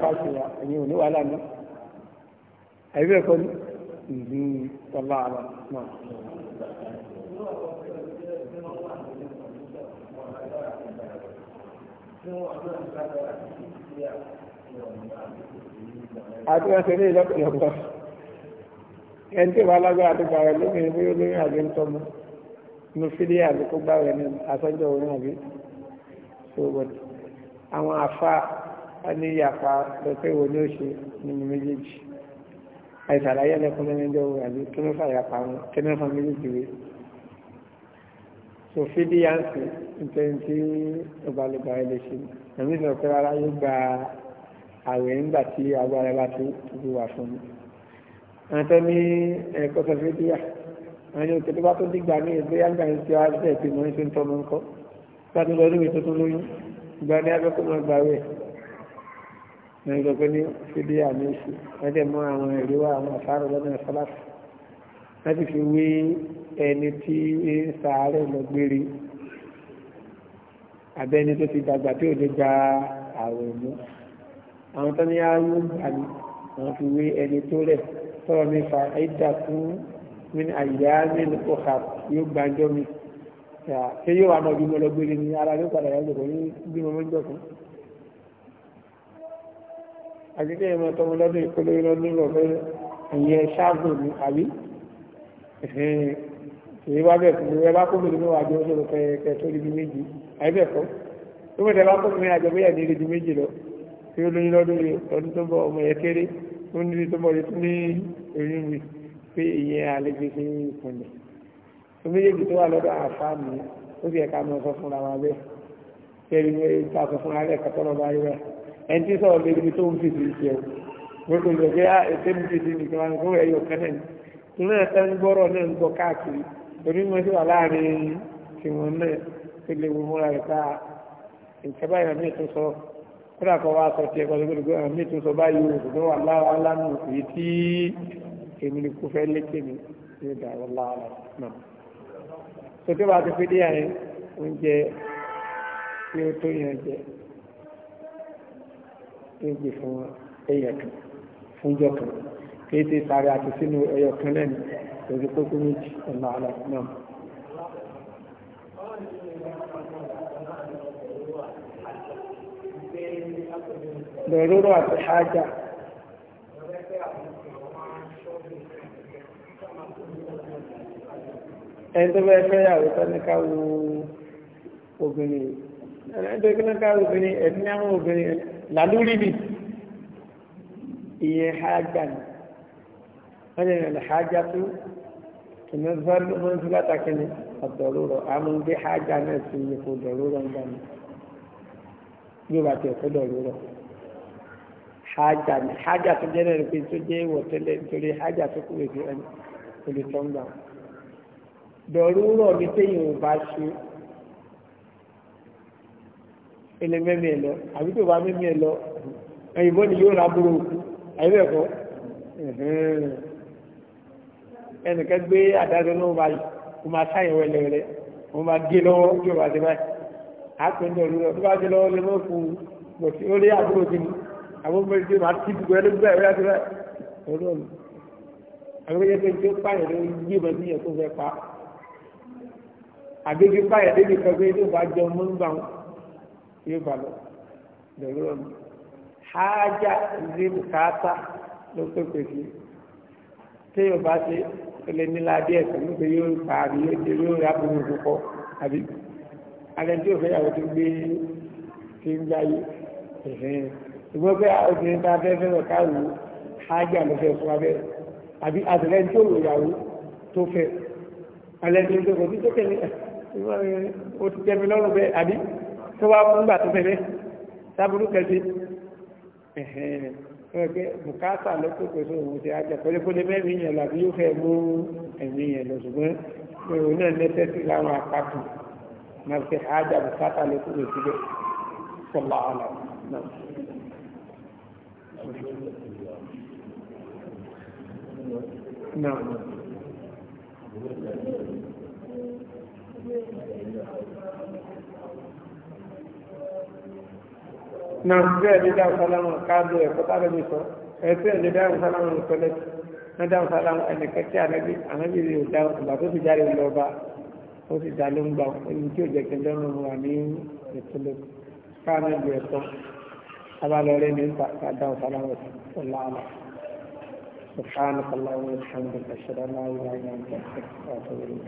S1: káṣíyà ẹ̀yìn òní wàhálà náà ìlú ọlá àlọ́ náà. àti wọn ṣe ní ìlọ́pọ̀lọpọ̀ ẹni tí wọn lágbára àti gbàrẹ lómìnir bí olóyún àbí ń tọmọ inú fídíò àbí kó gbàrẹ ní asọjọ orin àbí tó wọlé àwọn àfa ẹni yàfa lọ pé wo ni ó ṣe nínú méjèèjì àìsàlàyé lẹ́kùn lẹ́nẹ́jọ́ òun àbí kí ló fàyà parun kí ló fà méjì wé so fídíyàǹsì ntẹ́ntì ọbalùbà ẹlẹ́sìn ẹ̀mí sọ pé rárá yóò gba àwẹ̀ ńgbà tí agbára bá ti tóbi wà fún mi àtẹ ní ẹ̀kọ́ sọ fídíyà àwọn yóò tẹ́lẹ̀ bá tó dìgbà ní ẹgbẹ́ yàgbà ní ti wá bẹ́ẹ̀ pé mo ń ṣe ń tọ́ mọ́ ń kọ́ bá tó lọ lóye tó tó lóyún ìgbà ní abẹ́kọ́ mọ́ gbà wẹ̀ ní gbogbo ní fídí àmì ìṣù ẹjẹ́ mọ́ àwọn ìríwá àwọn àṣàrò lọ́nà ìfọ́láṣì láti fi wé ẹni tí ń sàárẹ̀ lọ gbére abẹ́ni tó ti dàgbà tí ò lè gba àwẹ̀ mú àwọn tó ní ààrùn àmì àwọn fi wé ẹni tó rẹ̀ tọ́rọ mi fa ẹ̀dà fún mi ní àyà mélòó ọ̀hà yóò gbàjọ́ mi ṣé yóò wà mọ́ bí mo lọ ní ara ló padà yà àdídé ìmọ̀ tọmọ lọ́dún ìpele lọ́dún lọ́fẹ́ ẹ̀yẹ ṣáàbù ní àbí èyí wá bẹ̀ fún mi ẹ bá kó mi nínú àjọ òṣèlú kẹkẹ tó di méjì àyè bẹ̀ fọ́ tó mẹ́tẹ̀ bá kó mi àjọ bóyá ní di méjì lọ tí ó lóyún lọ́dún rẹ̀ lọ́dún tó ń bọ̀ ọmọ yẹn kéré ó ní tó ń bọ̀ yẹn ẹni tí sọ̀rọ̀ lórí tó ń fìdí ṣe o gbogbo ìgbà pé a ètè mi fìdí nìkan wá ní fún ẹyọ kan náà tún náà tẹ́ ń gbọ́rọ̀ náà ń gbọ́ káàkiri torí wọn sì wà láàrin tiwọn náà tó léwu múra rẹ̀ ká ìjọba ìrìn mi tún sọ kódà kan wá sọ tiẹ̀ kan lóko ìrìn mi tún sọ báyìí o ṣùgbọ́n wà láwa lánàá èyí tí èmi ni kò fẹ́ lékè mi ní ìdàrọ́ láàrọ̀ náà sotí wàá ti fi dé àyè oúnjẹ tí ó tó yẹn jẹ yóò gbé fún ẹyẹ kan fúnjọ kan kéde sáré àti sínú ẹyọ kan lẹ́nu lórí kókó méjì ọ̀nà àlà náà.
S2: lọ́rọ́rọ́ àti hájà. ẹni tó bẹ́ẹ̀ fẹ́ yàwó tó ní
S1: ká wo obìnrin ẹni tó ní ká wo obìnrin ẹni ní àwọn obìnrin ẹni laluri ne iya haja ne wani ne haja su tunan zarri mun zula take ne a daruro amin bi haja ne su yi ko daruron gani bí wàá tẹ̀ fẹ́ dọ̀rọ̀ rọ̀ haja ni haja tó jẹ́ náà pé tó jẹ́ ìwọ̀ tẹ́lẹ̀ nítorí haja tó kúrò sí ẹni olùtọ́ngbà dọ̀rọ̀ rọ̀ ní ò bá ṣe ilé mẹ́mí ẹ̀ lọ àbí tó bá mẹ́mí ẹ̀ lọ òyìnbó ni yóò ra búrò àyẹ̀wò ẹ̀kọ́ ẹnìkan gbé àdájọ́ náà báyìí kó máa sáyẹ̀wò ẹlẹ́rẹ́ kó máa gé lọ́wọ́ tí ó bá ti báyìí àpèjọ òlùrọ̀ tó bá ti lọ́wọ́ lè mọ́ fún bọ̀ sí ó lé àbúrò ti ní àbúrò ti máa ti dùgbọ́ ẹlẹ́gbẹ́ ẹ̀rẹ́ àti báyìí ọlọ́run àgbẹ̀jẹ̀ pé yóò gbà lọ lọ́rọ̀ mi hájà ìdí bùkátà ló pépè sí téèyàn bá ṣe ó lè nílá díẹ̀ pẹ̀lú pé yóò pa àbí yóò ṣe yóò rí àbúrò ìfúkọ àbí alẹ́ tí òfin yàwó tó gbé tí ń gbáyé ṣùgbọ́n pé obìnrin tá a fẹ́ fẹ́ràn káàrú hájà ló fẹ́ fún abẹ́ àbí àtẹ̀lẹ́ tí òwò ìyàwó tó fẹ́ alẹ́ tí ó tó kọ̀ tí tó kẹ́lẹ́ ó ti tẹ́ mi lọ́rùn bẹ́ẹ̀ àbí tó wá fún gbà tó fẹ́rẹ́ sábúrú kẹsí ẹ̀hẹ́n bùkátà lọ́pọ̀ pẹ̀sọ́ òun ti ajẹ́ pẹ́lẹ́pẹ́lẹ́ mẹ́rin yẹn làbí yóò fẹ́ mú ẹ̀mí yẹn lọ ṣùgbọ́n òun náà lẹ́sẹ̀ sí láwọn apákan máa fi ajá bùkátà lọ́pọ̀ pẹ̀sọ́ bẹ́ẹ̀ sọ̀lá ọ̀la náà. Now. na bẹ́ẹ̀ ni dáhùn sálámù káàdù ẹ̀kọ́ tábẹ́ mi sọ ẹ̀sẹ̀ ni dáhùn sálámù sọlẹ̀ ní dáhùn sálámù ẹnìkan tí ànábì ànábì rẹ̀ ò dáhùn ìgbà tó ti jáde lọ bá ó sì dá ló ń gbà ẹni tí ò jẹ́ kí lọ́nà wà ní ìpínlẹ̀ káàmì ìlú ẹ̀kọ́ abalọ́rẹ́ ní nípa dáhùn sálámù